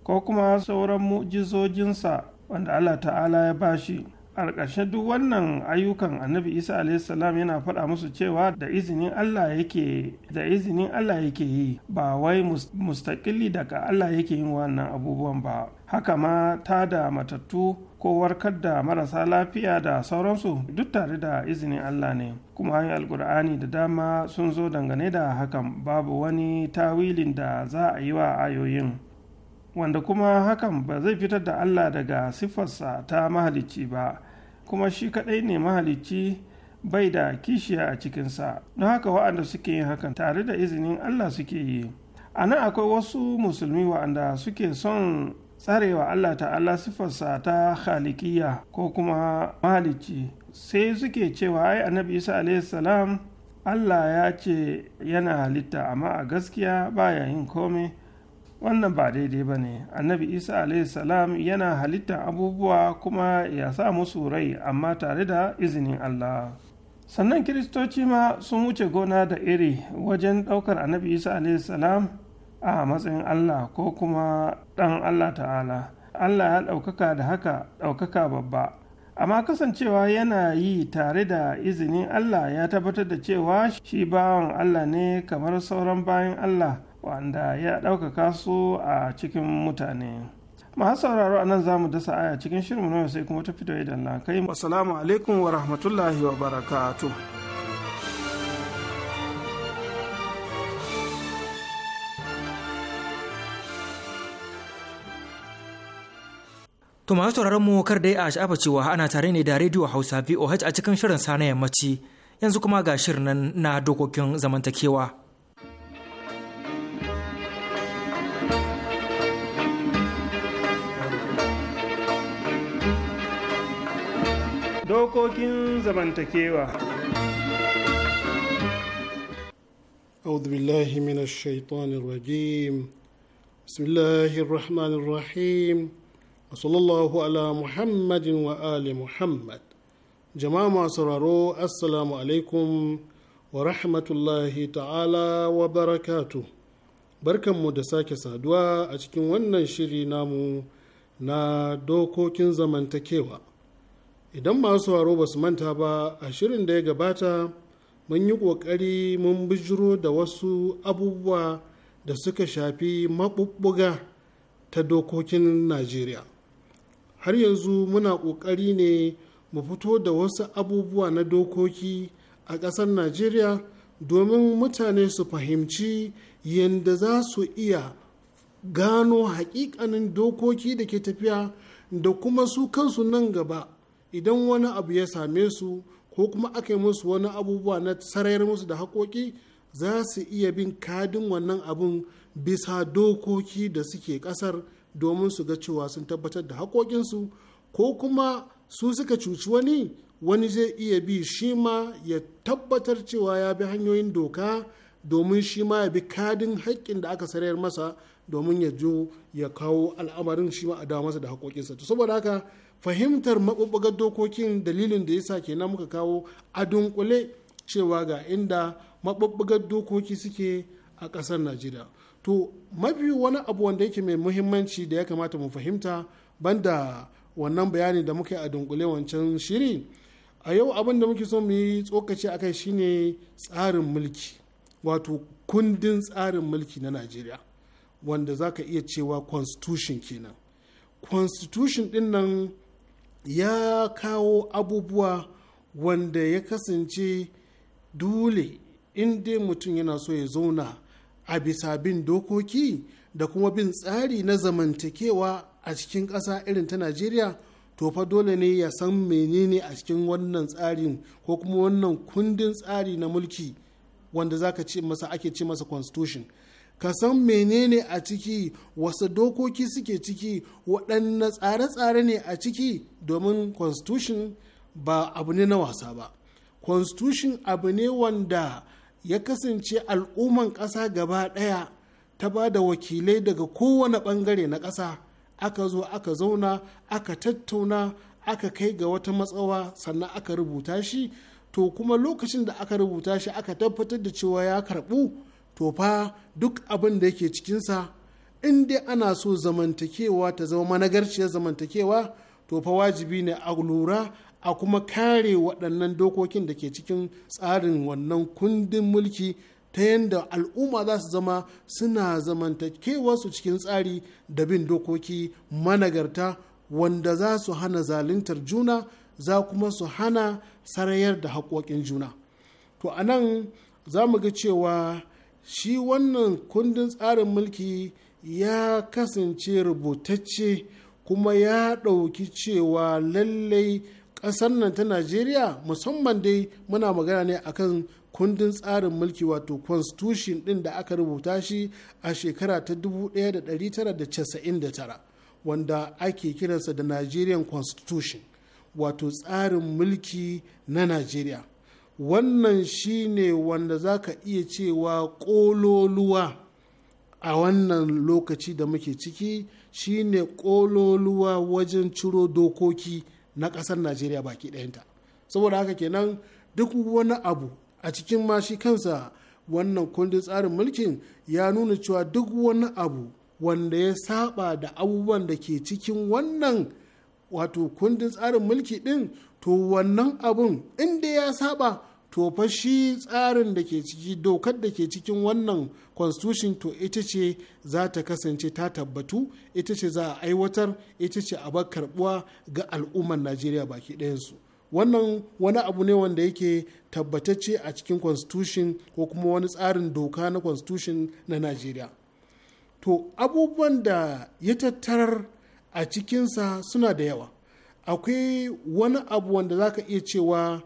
ko kuma sauran mu'jizojinsa wanda allah ta'ala ya bashi a ƙarshe duk wannan ayyukan annabi isa salam yana faɗa musu cewa da izinin allah yake da yi ba wai mustaƙili daga allah yake yin wannan abubuwan ba haka ma ta da matattu ko warkar da marasa lafiya da sauransu duk tare da izinin Allah ne kuma hanyar alkur'ani da dama sun zo dangane da hakan babu wani tawilin da za a yi wa ayoyin wanda kuma hakan ba zai fitar da Allah daga siffarsa ta mahalicci ba kuma shi kaɗai ne mahalicci bai da kishiya a cikinsa don haka wa'anda suke yin hakan tare da izinin Allah suke yi a nan akwai wasu musulmi wa'anda suke son tsarewa Allah ta'ala sifarsa ta khalikiya ko kuma mahalicci sai suke cewa ai annabi isa salam Allah ya ce yana halitta amma a gaskiya baya yin komai wannan ba daidai ba ne annabi isa salam yana halitta abubuwa kuma ya sa musu rai amma tare da izinin allah sannan kiristoci ma sun wuce gona da iri wajen ɗaukar annabi isa salam a matsayin allah ko kuma ɗan allah ta'ala allah ya ɗaukaka da haka ɗaukaka babba amma kasancewa yana yi tare da izinin allah ya tabbatar da cewa shi bawan allah ne kamar sauran bayan allah wanda ya ɗaukaka su a cikin mutane masu sauraro a nan za mu dasa aya cikin shirin na sai kuma ta fito idan na kai wasalamu alaikum wa rahmatullahi wa barakatu. To sauraron mu kar dai a sha'afa cewa ana tare ne da rediyo Hausa VOH a cikin shirin sana yammaci yanzu kuma ga shirin nan na dokokin zamantakewa. dokokin zamantakewa. billahi mina shaitanir rajim bismillahir rahmanir rahim muhammad jama'a masu sauraro assalamu wa rahmatullahi ta'ala wa barakatu barkanmu da sake saduwa a cikin wannan shiri namu na dokokin zamantakewa idan masu sauraro ba su manta ba a shirin da ya gabata mun yi ƙoƙari mun bijiro da wasu abubuwa da suka shafi maɓuɓɓuga ta dokokin najeriya har yanzu muna ƙoƙari ne mu fito da wasu abubuwa na dokoki a ƙasar najeriya domin mutane su fahimci yadda za su iya gano haƙiƙanin dokoki da ke tafiya da kuma su kansu nan gaba idan wani abu ya same su ko kuma aka yi musu wani abubuwa na sarayar musu da haƙoƙi za su iya bin kadin wannan abun bisa dokoki da suke ƙasar domin su ga cewa sun tabbatar da haƙoƙinsu ko kuma su suka cuci wani wani zai iya bi shi ma ya tabbatar cewa ya bi hanyoyin doka domin shi ma ya bi kadin haƙƙin da aka sarayar masa domin ya jo ya kawo al'amarin shi ma a dawo masa da haƙoƙinsa to saboda haka fahimtar maɓuɓɓugar dokokin dalilin da yasa kenan muka kawo a dunkule cewa ga inda maɓuɓɓugar dokoki suke a ƙasar najeriya to mafi wani abu wanda yake mai muhimmanci da ya kamata mu fahimta banda wannan bayani da muka yi a dunkule wancan shiri a yau abin da muke so mu yi tsokaci akai shine tsarin mulki wato kundin tsarin mulki na najeriya wanda za ka iya cewa constitution kenan constitution din nan ya kawo abubuwa wanda ya kasance dole in dai mutum yana so ya zauna a bisa bin dokoki da kuma bin tsari na zamantakewa a cikin ƙasa irin ta najeriya to fa dole ne ya san menene a cikin wannan tsarin ko kuma wannan kundin tsari na mulki wanda za ka ce masa ake ce masa constitution ka san menene a ciki wasu dokoki suke ciki waɗanne tsare-tsare ne a ciki domin constitution ba abu ne na wasa ba constitution abu ne wanda ya kasance al'umman ƙasa gaba ɗaya ta ba da wakilai daga kowane ɓangare na ƙasa aka zo aka zauna aka tattauna aka kai ga wata matsawa sannan aka rubuta shi to kuma lokacin da aka rubuta shi aka tabbatar da cewa ya karɓu to fa duk abin da yake cikinsa in dai ana so zamantakewa ta zama managarciyar zamantakewa to fa wajibi ne a lura a kuma kare waɗannan dokokin da ke cikin tsarin wannan kundin mulki ta yadda al'umma za su zama suna zamantakewarsu cikin tsari da bin dokoki managarta wanda za su hana zaluntar juna za kuma su hana sarayar da haƙoƙin juna to a nan za mu ga cewa shi wannan kundin tsarin mulki ya kasance rubutacce kuma ya ɗauki cewa lallai ƙasar nan ta najeriya musamman dai muna magana ne akan kundin tsarin mulki wato constitution ɗin da aka rubuta shi a shekara ta 1999 wanda ake kiransa da nigerian constitution wato tsarin mulki na najeriya wannan shi ne wanda za ka iya cewa ƙololuwa a wannan lokaci da muke ciki shi ne ƙololuwa wajen ciro dokoki na ƙasar najeriya baki ɗayanta saboda haka kenan duk wani abu a cikin ma shi kansa wannan kundin tsarin mulkin ya nuna cewa duk wani abu wanda ya saba da abubuwan da ke cikin wannan wato kundin tsarin mulki ɗin to wannan abun inda ya saba to fa shi tsarin da ke ciki dokar da ke cikin wannan constitution to ita ce za ta kasance ta tabbatu ita ce za a aiwatar ita ce a bar karbuwa ga al'ummar najeriya baki ɗayansu wannan wani abu ne wanda yake tabbatacce a cikin constitution ko kuma wani tsarin doka na constitution na najeriya to abubuwan da ya tattarar a cikinsa suna da yawa akwai wani abu wanda za ka iya cewa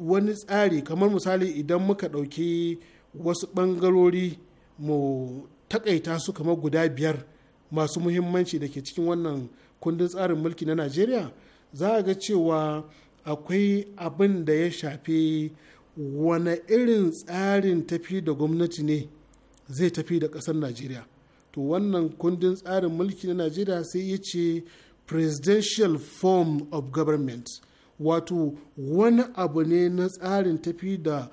wani tsari kamar misali idan muka ɗauki wasu ɓangarori mu takaita su kamar guda biyar masu muhimmanci da ke cikin wannan kundin tsarin mulki na najeriya za a ga cewa akwai abin da ya shafi wane irin tsarin tafi da gwamnati ne zai tafi da ƙasar najeriya to wannan kundin tsarin mulki na najeriya sai ya ce presidential form of government wato wani abu ne na tsarin tafi da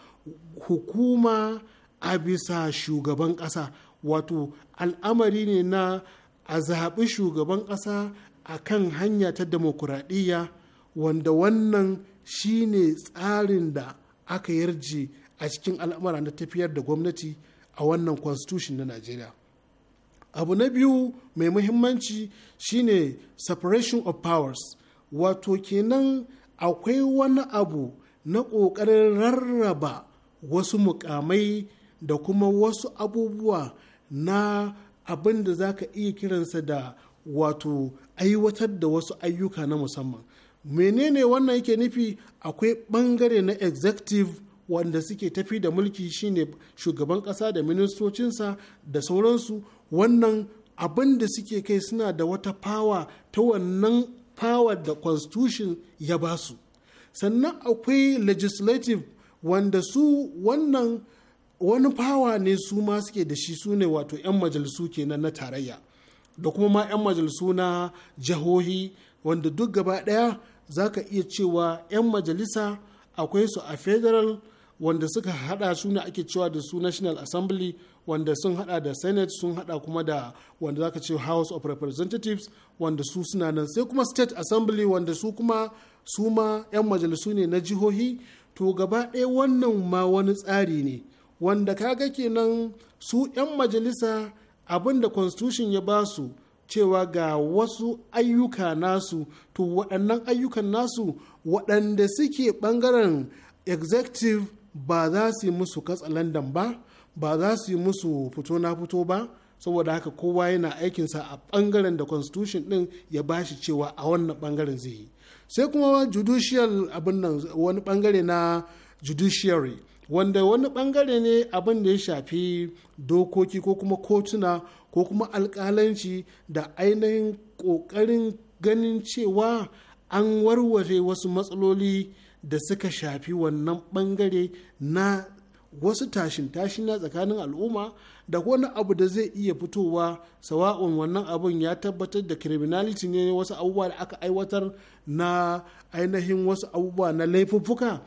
hukuma a bisa shugaban ƙasa wato al'amari ne na a zaɓi shugaban ƙasa a kan hanya ta demokuraɗiyya wanda wannan shine tsarin da aka yarje a cikin al'amura na tafiyar da gwamnati a wannan constitution na najeriya abu na biyu mai muhimmanci shine separation of powers wato kenan akwai wani abu na ƙoƙarin rarraba wasu mukamai da kuma wasu abubuwa na abin da za ka iya kiransa da wato aiwatar da wasu ayyuka na musamman menene wannan yake nufi akwai ɓangare na executive wanda suke tafi da mulki shine shugaban ƙasa da ministocinsa da sauransu wannan abin da suke kai suna da wata fawa ta wannan power da constitution ya ba su sannan akwai legislative wanda su wannan wani power ne su ma suke da shi su ne wato 'yan majalisu kenan na tarayya da kuma ma 'yan majalisu na jihohi wanda duk gaba daya za ka iya cewa 'yan majalisa akwai su a federal wanda suka hada su ne ake cewa da su national assembly wanda sun hada da senate sun hada kuma da wanda zaka ce house of representatives wanda su suna nan sai kuma state assembly wanda su kuma su ma 'yan majalisu ne na jihohi to gaba ɗaya wannan ma wani tsari ne wanda kaga kenan su 'yan majalisa abinda constitution ya ba su cewa ga wasu ayyuka nasu to waɗannan ayyukan nasu waɗanda suke ɓangaren executive ba za su yi musu katsalandan ba ba za su yi musu fito na fito ba saboda haka kowa yana aikinsa a bangaren da constitution din ya bashi cewa a wannan bangaren zai yi sai kuma judicial abin nan wani bangare na judiciary wanda wani bangare ne abin da ya shafi dokoki ko kuma kotuna ko kuma alkalanci da ainihin kokarin ganin cewa an warware wasu matsaloli da suka shafi wannan bangare na wasu tashin tashin na tsakanin al'umma da wani abu da zai iya fitowa sawa'un wannan abun ya tabbatar da criminality ne wasu abubuwa da aka aiwatar na ainihin wasu abubuwa na laifuffuka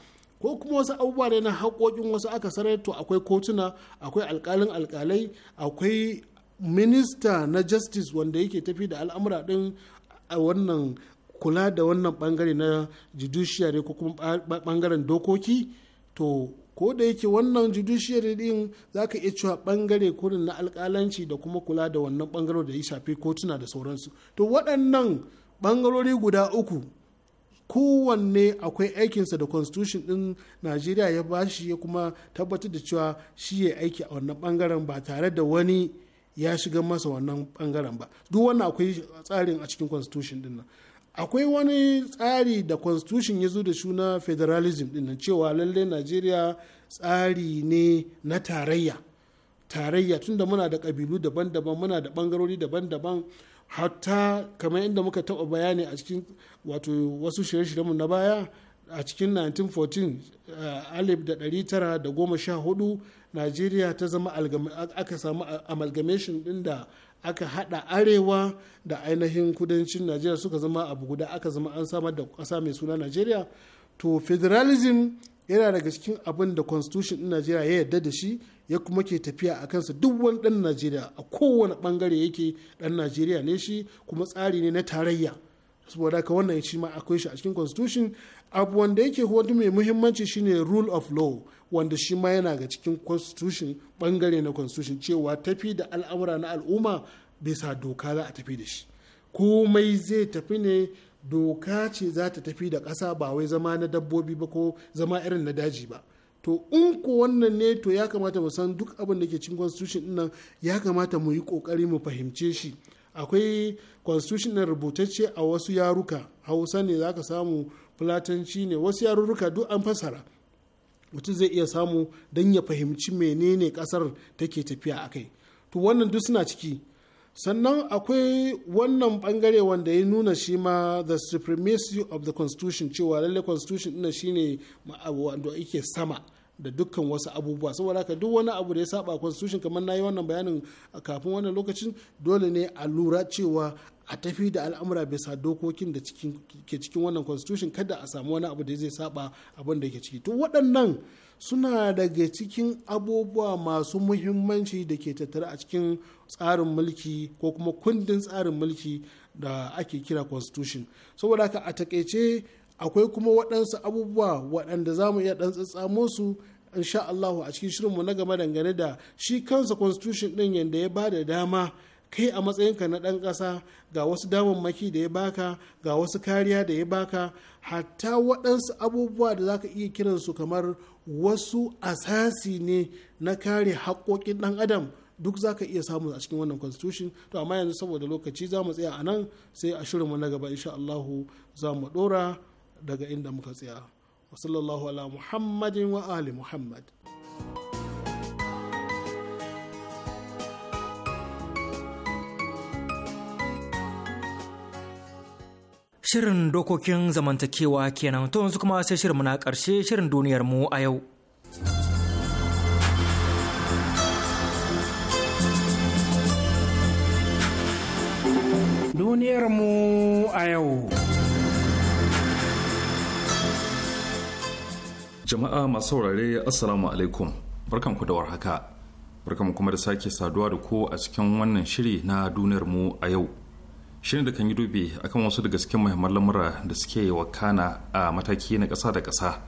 ko kuma wasu abubuwa ne na haƙoƙin wasu aka sarar to akwai kotuna akwai alƙalin alƙalai akwai minista na justice wanda yake tafi da al'amura ɗin a wannan kula da wannan bangare na judiciary ko kuma bangaren dokoki to ko da yake wannan judiciary din za ka iya cewa bangare kurin na alkalanci da kuma kula da wannan bangaro da ya shafi kotuna da sauransu to waɗannan bangarori guda uku kowanne akwai aikinsa da constitution din najeriya ya bashi ya kuma tabbatar da cewa shi ya aiki a wannan bangaren ba tare da wani ya shiga masa wannan bangaren ba duk wannan akwai tsarin a cikin constitution din nan akwai wani tsari da constitution ya zo da shuna federalism din cewa lallai najeriya tsari ne na tarayya tarayya tunda muna da kabilu daban-daban muna da bangarori daban-daban hatta kamar inda muka taba bayani a cikin wato wasu shirye-shiryenmu na baya a cikin 1914 eh, alif da 914 najeriya ta zama aka samu amalgamation din da aka hada arewa da ainihin kudancin najeriya suka zama abu guda aka zama an samar da kasa mai suna najeriya to federalism yana daga cikin abin da constitution din najeriya ya yarda da shi ya kuma ke tafiya a kansa duk wani dan najeriya a kowane bangare yake dan najeriya ne shi kuma tsari ne na tarayya saboda haka wannan shi ma akwai shi a cikin constitution abu wanda yake wani mai muhimmanci shine rule of law wanda shi ma yana ga cikin constitution bangare na constitution cewa tafi da al'amura na al'umma bisa doka za a tafi da shi komai zai tafi ne doka ce za ta tafi da ƙasa ba wai zama na dabbobi ba ko zama irin na daji ba to in ku wannan ne to ya kamata mu san duk abin da ke cikin constitution din nan ya kamata mu yi kokari mu fahimce shi akwai constitution na rubutacce a wasu yaruka hausa ne zaka samu fulatanci ne wasu yarurruka duk an fasara mutum zai iya samu don ya fahimci menene kasar take tafiya a kai to wannan duk suna ciki sannan akwai wannan bangare wanda ya nuna shi ma the supremacy of the constitution cewa lalle constitution ɗin shine da yake sama da dukkan wasu abubuwa saboda haka duk wani abu da ya saba constitution kamar na yi wannan bayanin kafin wannan lokacin dole ne a lura cewa a tafi da al'amura bisa dokokin da ke cikin wannan constitution kada a samu wani abu da zai saba abin da ke ciki to waɗannan suna daga cikin abubuwa masu muhimmanci da ke tattare a cikin tsarin mulki ko kuma kundin tsarin mulki da ake kira constitution saboda haka a takaice akwai kuma waɗansu abubuwa waɗanda za mu iya ɗan tsatsamo su insha Allah a cikin shirinmu na game dangane da shi kansa constitution ɗin yadda ya ba da dama kai a matsayinka na ɗan ƙasa ga wasu damammaki da ya baka ga wasu kariya da ya baka hatta waɗansu abubuwa da za ka iya kiransu kamar wasu asasi ne na kare haƙoƙin ɗan adam duk za ka iya samu a cikin wannan constitution to amma yanzu saboda lokaci za mu tsaya a nan sai a shirinmu na gaba insha Allah za mu ɗora daga inda muka tsaya wa sallallahu ala muhammadin wa ali muhammad Shirin dokokin zamantakewa kenan to yanzu kuma sai shirin muna ƙarshe shirin duniyar mu a yau. Duniyar mu a yau. jama'a masu saurare assalamu alaikum barkan ku da warhaka barkan kuma da sake saduwa da ku a cikin wannan shiri na duniyar mu a yau shirin da kan yi dubi akan wasu daga cikin muhimman lamura da suke wakana a mataki na ƙasa da kasa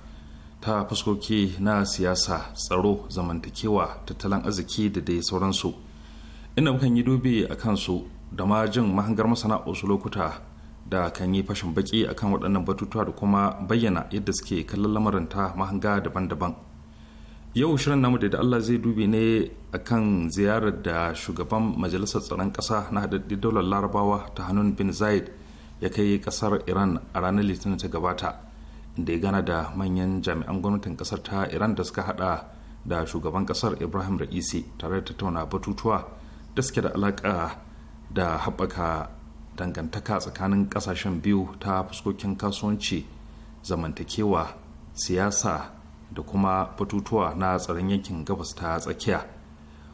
ta fuskoki na siyasa tsaro zamantakewa tattalin arziki da dai sauransu inda mukan yi dubi a kansu da ma jin mahangar masana wasu lokuta da kan yi fashin baki akan waɗannan batutuwa da kuma bayyana yadda suke kallon lamarin ta mahanga daban-daban yau shirin namu da Allah zai dubi ne akan ziyarar da shugaban majalisar tsaron ƙasa na haɗaɗɗi daular larabawa ta hannun bin zaid ya kai ƙasar iran a ranar litinin ta gabata inda ya gana da manyan jami'an gwamnatin ƙasar ta iran da suka haɗa da shugaban ƙasar ibrahim ra'isi tare da tattauna batutuwa da suke da alaƙa da haɓaka dangantaka tsakanin kasashen biyu ta fuskokin kasuwanci zamantakewa siyasa da kuma batutuwa na tsaron yankin gabas ta tsakiya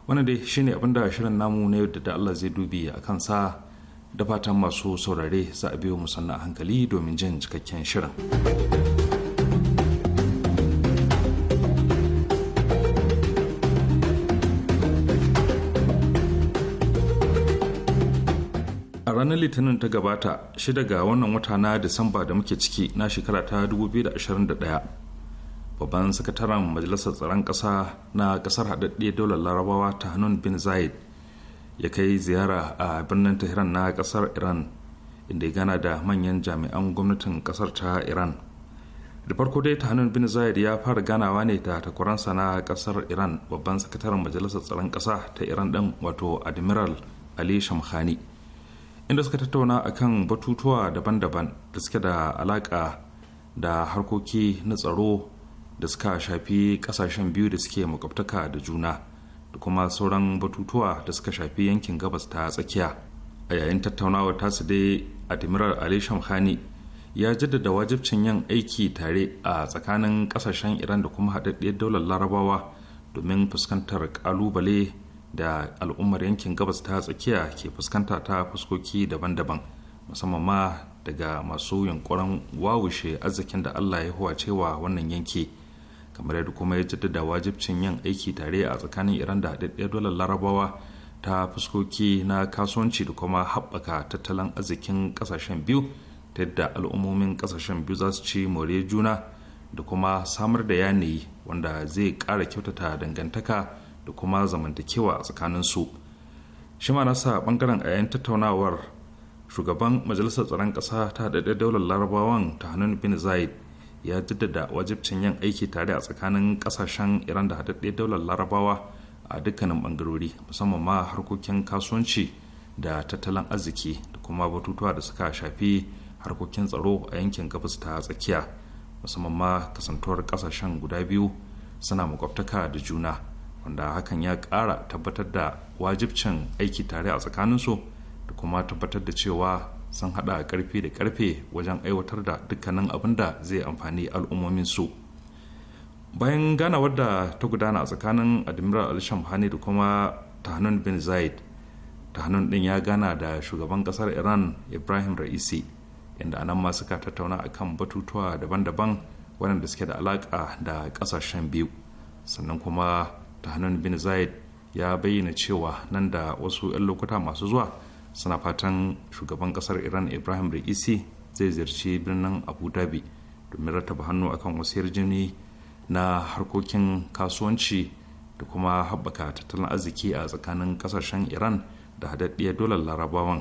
wani dai shine abin da shirin namu na yau da Allah zai dubi a kansa da fatan masu saurare za a biyo musamman hankali domin jin cikakken shirin. ranar litinin ta gabata shida ga wannan wata na disamba da muke ciki na shekara ta 2021 babban sakataren majalisar tsaron ƙasa na ƙasar haɗaɗɗe daular larabawa ta hannun bin zayed ya kai ziyara a birnin tehran na ƙasar iran inda ya gana da manyan jami'an gwamnatin ƙasar ta iran da farko dai ta hannun bin zayed ya fara ganawa ne da takwaransa na ƙasar iran babban sakataren majalisar tsaron ƙasa ta iran ɗin wato admiral ali shamkhani inda suka tattauna kan batutuwa daban-daban da suke da alaƙa da harkoki na tsaro da suka shafi ƙasashen biyu da suke makwabtaka da juna da kuma sauran batutuwa da suka shafi yankin gabas ta tsakiya a yayin tattaunawar tasu dai admiral ali shamkhani ya jaddada wajibcin yin aiki tare a tsakanin kasashen iran da kuma haɗaɗɗiyar daular larabawa domin fuskantar ƙalubale da al'ummar yankin gabas ta tsakiya ke fuskanta ta fuskoki daban-daban musamman ma daga masu yunkurin wawushe arzikin da allah ya huwa cewa wannan yanki kamar yadda kuma ya jaddada wajibcin yin aiki tare a tsakanin iran da haɗaɗɗiyar dole larabawa ta fuskoki na kasuwanci da kuma haɓaka tattalin arzikin ƙasashen biyu ta yadda al'ummomin ƙasashen biyu za su ci more juna da kuma samar da yanayi wanda zai ƙara kyautata dangantaka da kuma zamantakewa a tsakaninsu shi ma nasa bangaren a yayin tattaunawar shugaban majalisar tsaron ƙasa ta daɗe daular larabawan ta hannun bin zaid ya jaddada wajibcin yin aiki tare a tsakanin ƙasashen iran da haɗaɗɗe daular larabawa a dukkanin ɓangarori musamman ma harkokin kasuwanci da tattalin arziki da kuma batutuwa da suka shafi harkokin tsaro a yankin gabas ta tsakiya musamman ma kasantuwar ƙasashen guda biyu suna makwabtaka da juna wanda hakan ya ƙara tabbatar da wajibcin aiki tare a tsakaninsu da kuma tabbatar da cewa sun haɗa ƙarfi da ƙarfe wajen aiwatar da dukkanin abin da zai amfani al'ummominsu bayan ganawar da ta gudana a tsakanin admiral al-shamhani da kuma tahanun bin zaid tahanun ɗin ya gana da shugaban ƙasar iran ibrahim ra'isi inda nan ma suka tattauna a kan batutuwa daban-daban waɗanda suke da alaƙa da ƙasashen biyu sannan kuma ta hannun bin zayed ya bayyana cewa nan da wasu 'yan lokuta masu zuwa suna fatan shugaban kasar iran ibrahim Raisi zai ziyarci birnin abu dhabi domin rattaba hannu akan wasu yarjini na harkokin kasuwanci da kuma haɓaka tattalin arziki a tsakanin kasashen iran da haɗaɗɗiyar dolar larabawan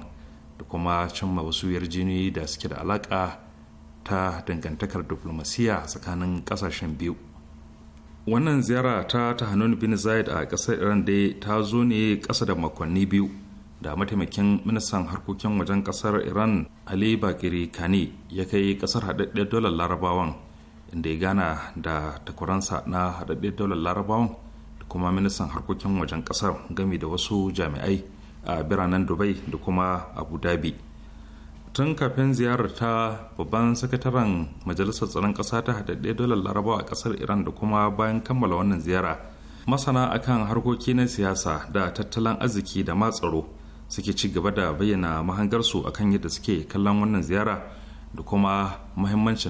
da kuma cimma wasu yarjini da suke da alaƙa ta dangantakar diflomasiya tsakanin kasashen biyu wannan ziyara ta ta hannun bin zayed a ƙasar iran dai ta zo ne ƙasa da makonni biyu da mataimakin ministan harkokin wajen ƙasar iran ali bakiri kani ya kai ƙasar haɗaɗɗen dolar larabawan inda ya gana da takwaransa na haɗaɗɗen dolar larabawan da kuma ministan harkokin wajen ƙasar game da wasu jami'ai a biranen dubai da kuma abu dhabi tun kafin ziyarar ta babban sakataren majalisar tsaron ƙasa ta haɗaɗɗe dalar larabawa a ƙasar iran da kuma bayan kammala wannan ziyara masana akan harkoki na siyasa da tattalin arziki da matsaro suke ci gaba da bayyana mahangarsu akan yadda suke kallon wannan ziyara da kuma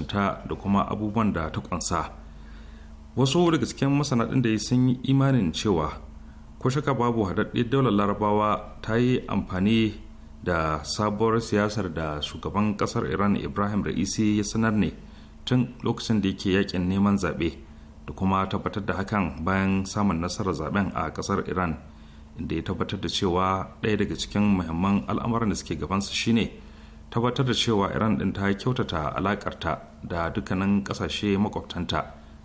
ta da kuma abubuwan da ta kwansa wasu daga cikin masana ɗin da sun yi imanin cewa ko shaka babu haɗaɗɗe dalar larabawa ta yi amfani da sabuwar siyasar da shugaban kasar iran ibrahim ra'isi ya sanar ne tun lokacin da yake yakin neman zaɓe da kuma tabbatar da hakan bayan samun nasarar zaben a kasar iran inda ya tabbatar da cewa ɗaya daga cikin muhimman al'amuran da suke gabansa shine tabbatar da cewa iran ɗin ta kyautata alakarta da dukkanin ƙasashe makwabtanta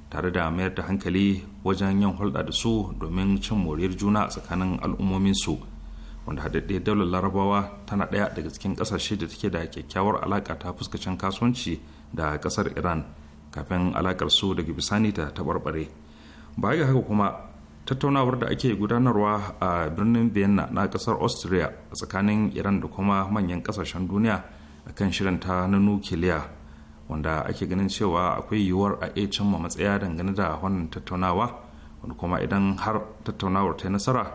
tare da mayar da hankali wajen yin hulɗa da su domin cin moriyar juna a tsakanin al'ummominsu su wanda haɗaɗɗiyar daular larabawa tana ɗaya daga cikin ƙasashe da take da kyakkyawar alaƙa ta fuskacin kasuwanci da ƙasar iran kafin alaƙar su daga bisani ta taɓarɓare baya ga haka kuma tattaunawar da ake gudanarwa a birnin vienna na ƙasar austria a tsakanin iran da kuma manyan ƙasashen duniya akan shirin ta na nukiliya wanda ake ganin cewa akwai yiwuwar a iya cimma matsaya dangane da wannan tattaunawa wanda kuma idan har tattaunawar ta yi nasara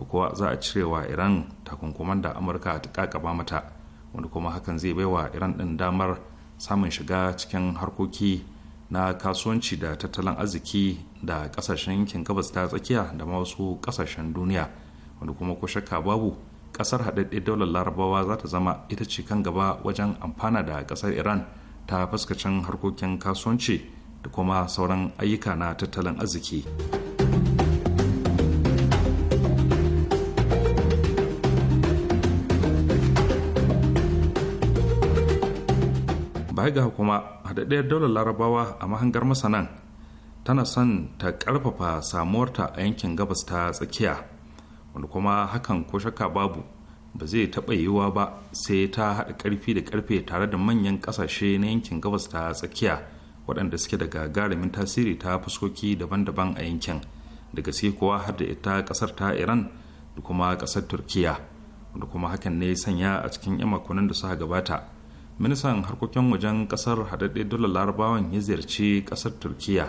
to kuwa za a cire wa iran takunkuman da amurka ta kakaba mata wanda kuma hakan zai bai wa iran ɗin damar samun shiga cikin harkoki na kasuwanci da tattalin arziki da kasashen yankin gabas ta tsakiya da ma wasu kasashen duniya wanda kuma ko shakka babu kasar haɗaɗɗe daular larabawa za ta zama ita ce kan gaba wajen amfana da kasar iran ta fuskacin harkokin kasuwanci da kuma sauran ayyuka na tattalin arziki. baya ga kuma haɗaɗɗiyar daular larabawa a mahangar masanan tana son ta ƙarfafa samuwarta a yankin gabas ta tsakiya wanda kuma hakan ko shakka babu ba zai taɓa yiwuwa ba sai ta haɗa ƙarfi da ƙarfe tare da manyan ƙasashe na yankin gabas ta tsakiya waɗanda suke daga gagarumin tasiri ta fuskoki daban-daban a yankin da sai kuwa har da ita ƙasar ta iran da kuma ƙasar turkiya wanda kuma hakan ne sanya a cikin 'yan makonnin da suka gabata ministan harkokin wajen kasar haɗaɗɗe dole larabawan ya ziyarci kasar turkiya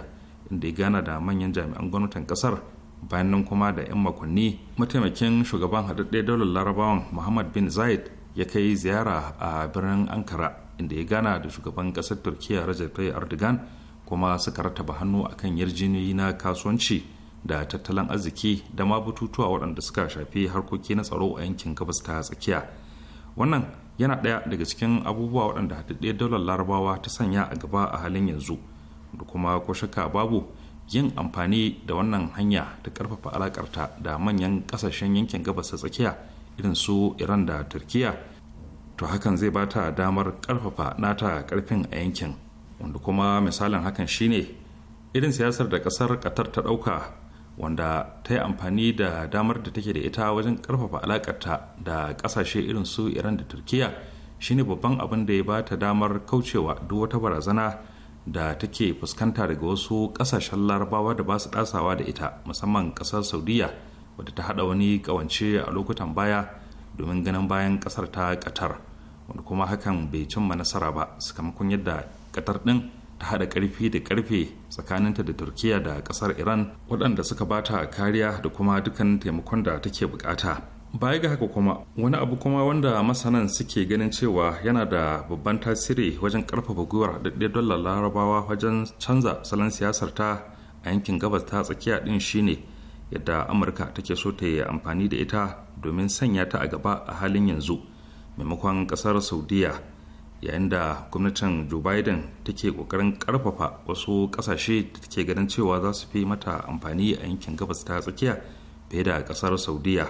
inda ya gana da manyan jami'an gwamnatin kasar bayan nan kuma da 'yan makonni mataimakin shugaban haɗaɗɗe dole larabawan muhammad bin zaid ya kai ziyara a birnin ankara inda ya gana da shugaban kasar turkiya rajab tayyip erdogan kuma suka rataba hannu akan yarjejeniyoyi na kasuwanci da tattalin arziki da ma bututuwa waɗanda suka shafi harkoki na tsaro a yankin gabas ta tsakiya wannan yana ɗaya daga cikin abubuwa waɗanda haɗaɗɗe dalar larabawa ta sanya a gaba a halin yanzu da kuma ko shakka babu yin amfani da wannan hanya ta ƙarfafa alaƙarta da manyan ƙasashen yankin gabas ta tsakiya irin su iran da turkiya to hakan zai ba ta damar ƙarfafa nata ƙarfin a yankin wanda kuma misalin hakan shine irin siyasar da ƙasar ƙatar ta ɗauka wanda ta yi amfani da damar da take da ita wajen karfafa alakarta da kasashe irin su iran da turkiya shine babban abin da ya ba ta damar kaucewa duk wata barazana da take fuskanta daga wasu kasashen larabawa da ba su dasawa da ita musamman kasar saudiya wadda ta hada wani kawance a lokutan baya domin ganin bayan kasar ta qatar wanda kuma hakan bai cimma nasara ba sakamakon yadda qatar din ta hada karfi da karfe tsakaninta da turkiya da kasar iran waɗanda suka ba ta kariya da kuma dukkan taimakon da take bukata baya ga haka kuma wani abu kuma wanda masanan suke ganin cewa yana da babban tasiri wajen karfafa gwiwar daɗe dollar larabawa wajen canza salon siyasar ta a yankin gabas ta tsakiya ɗin shine yadda amurka take so ta yi amfani da ita domin sanya ta a gaba a halin yanzu maimakon ƙasar saudiya yayin da gwamnatin joe biden take kokarin karfafa wasu kasashe da take ganin cewa za su fi mata amfani a yankin gabas ta tsakiya fiye da kasar saudiya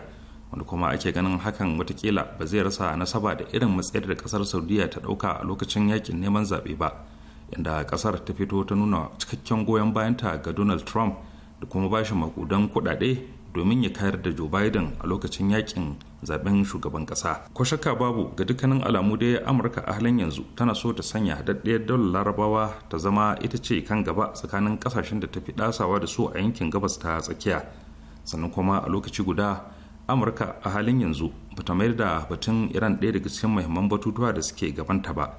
wanda kuma ake ganin hakan watakila ba zai rasa nasaba da irin matsayar da kasar saudiya ta dauka a lokacin yakin neman zaɓe ba inda kasar ta fito ta nuna cikakken goyon bayanta ga donald trump da kuma bashi makudan kuɗaɗe domin ya kayar da joe biden a lokacin yakin zaben shugaban kasa ko babu ga dukkanin alamu da amurka a halin yanzu tana so ta sanya haɗaɗɗiyar daular larabawa ta zama ita ce kan gaba tsakanin kasashen da ta fi ɗasawa da su a yankin gabas ta tsakiya sannan kuma a lokaci guda amurka a halin yanzu bata mayar da batun iran ɗaya daga cikin muhimman batutuwa da suke gabanta ba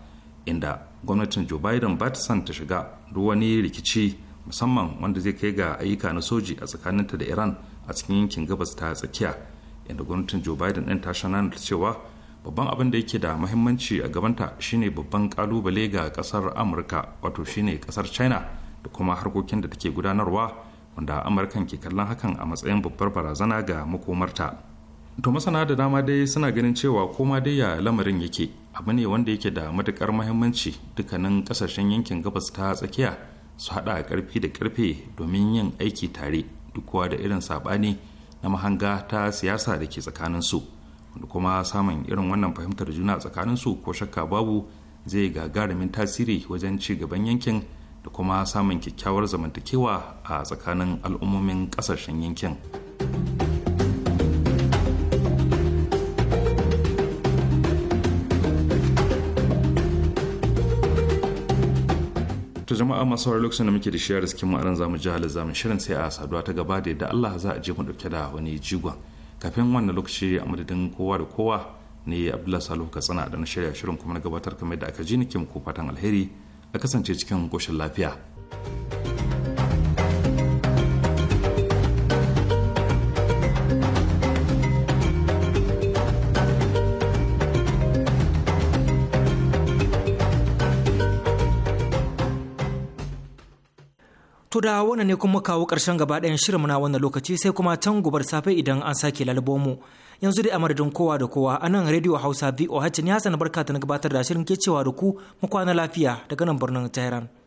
inda gwamnatin joe biden ba ta son ta shiga duk wani rikici musamman wanda zai kai ga ayyuka na soji a tsakaninta da iran a cikin yankin gabas ta tsakiya inda gwamnatin joe biden ɗin ta shanar cewa babban abin da yake da mahimmanci a gabanta shine babban kalubale ga kasar amurka wato shine kasar china da kuma harkokin da take gudanarwa wanda amurkan ke kallon hakan a matsayin babbar barazana ga makomarta to masana da dama dai suna ganin cewa koma dai ya lamarin yake abu ne wanda yake da matukar mahimmanci dukkanin kasashen yankin gabas ta tsakiya su hada karfi da karfe domin yin aiki tare duk da irin sabani na mahanga ta siyasa da ke tsakanin su wanda kuma samun irin wannan fahimtar juna tsakanin su ko shakka babu zai gagarumin tasiri wajen ci gaban yankin da kuma samun kyakkyawar zamantakewa a tsakanin al'ummomin ƙasashen yankin. to jama'a masu sauraro lokacin da muke da shiyar riskin mu aran zamu jihar halin shirin sai a saduwa ta gaba da yadda Allah za a je mu dauke da wani jigon kafin wannan lokaci a madadin kowa da kowa ne Abdullahi Salihu Katsina da na shirya shirin kuma na gabatar kamar yadda aka ji nake muku fatan alheri a kasance cikin koshin lafiya. da wannan ne kuma kawo ƙarshen gaba ɗayan shirin na wannan lokaci sai kuma can gubar safe idan an sake lalubo mu. Yanzu dai a kowa da kowa a nan rediyo Hausa VOH ne Hassan Barka ta gabatar da shirin ke cewa da ku mu kwana lafiya daga nan birnin Tehran.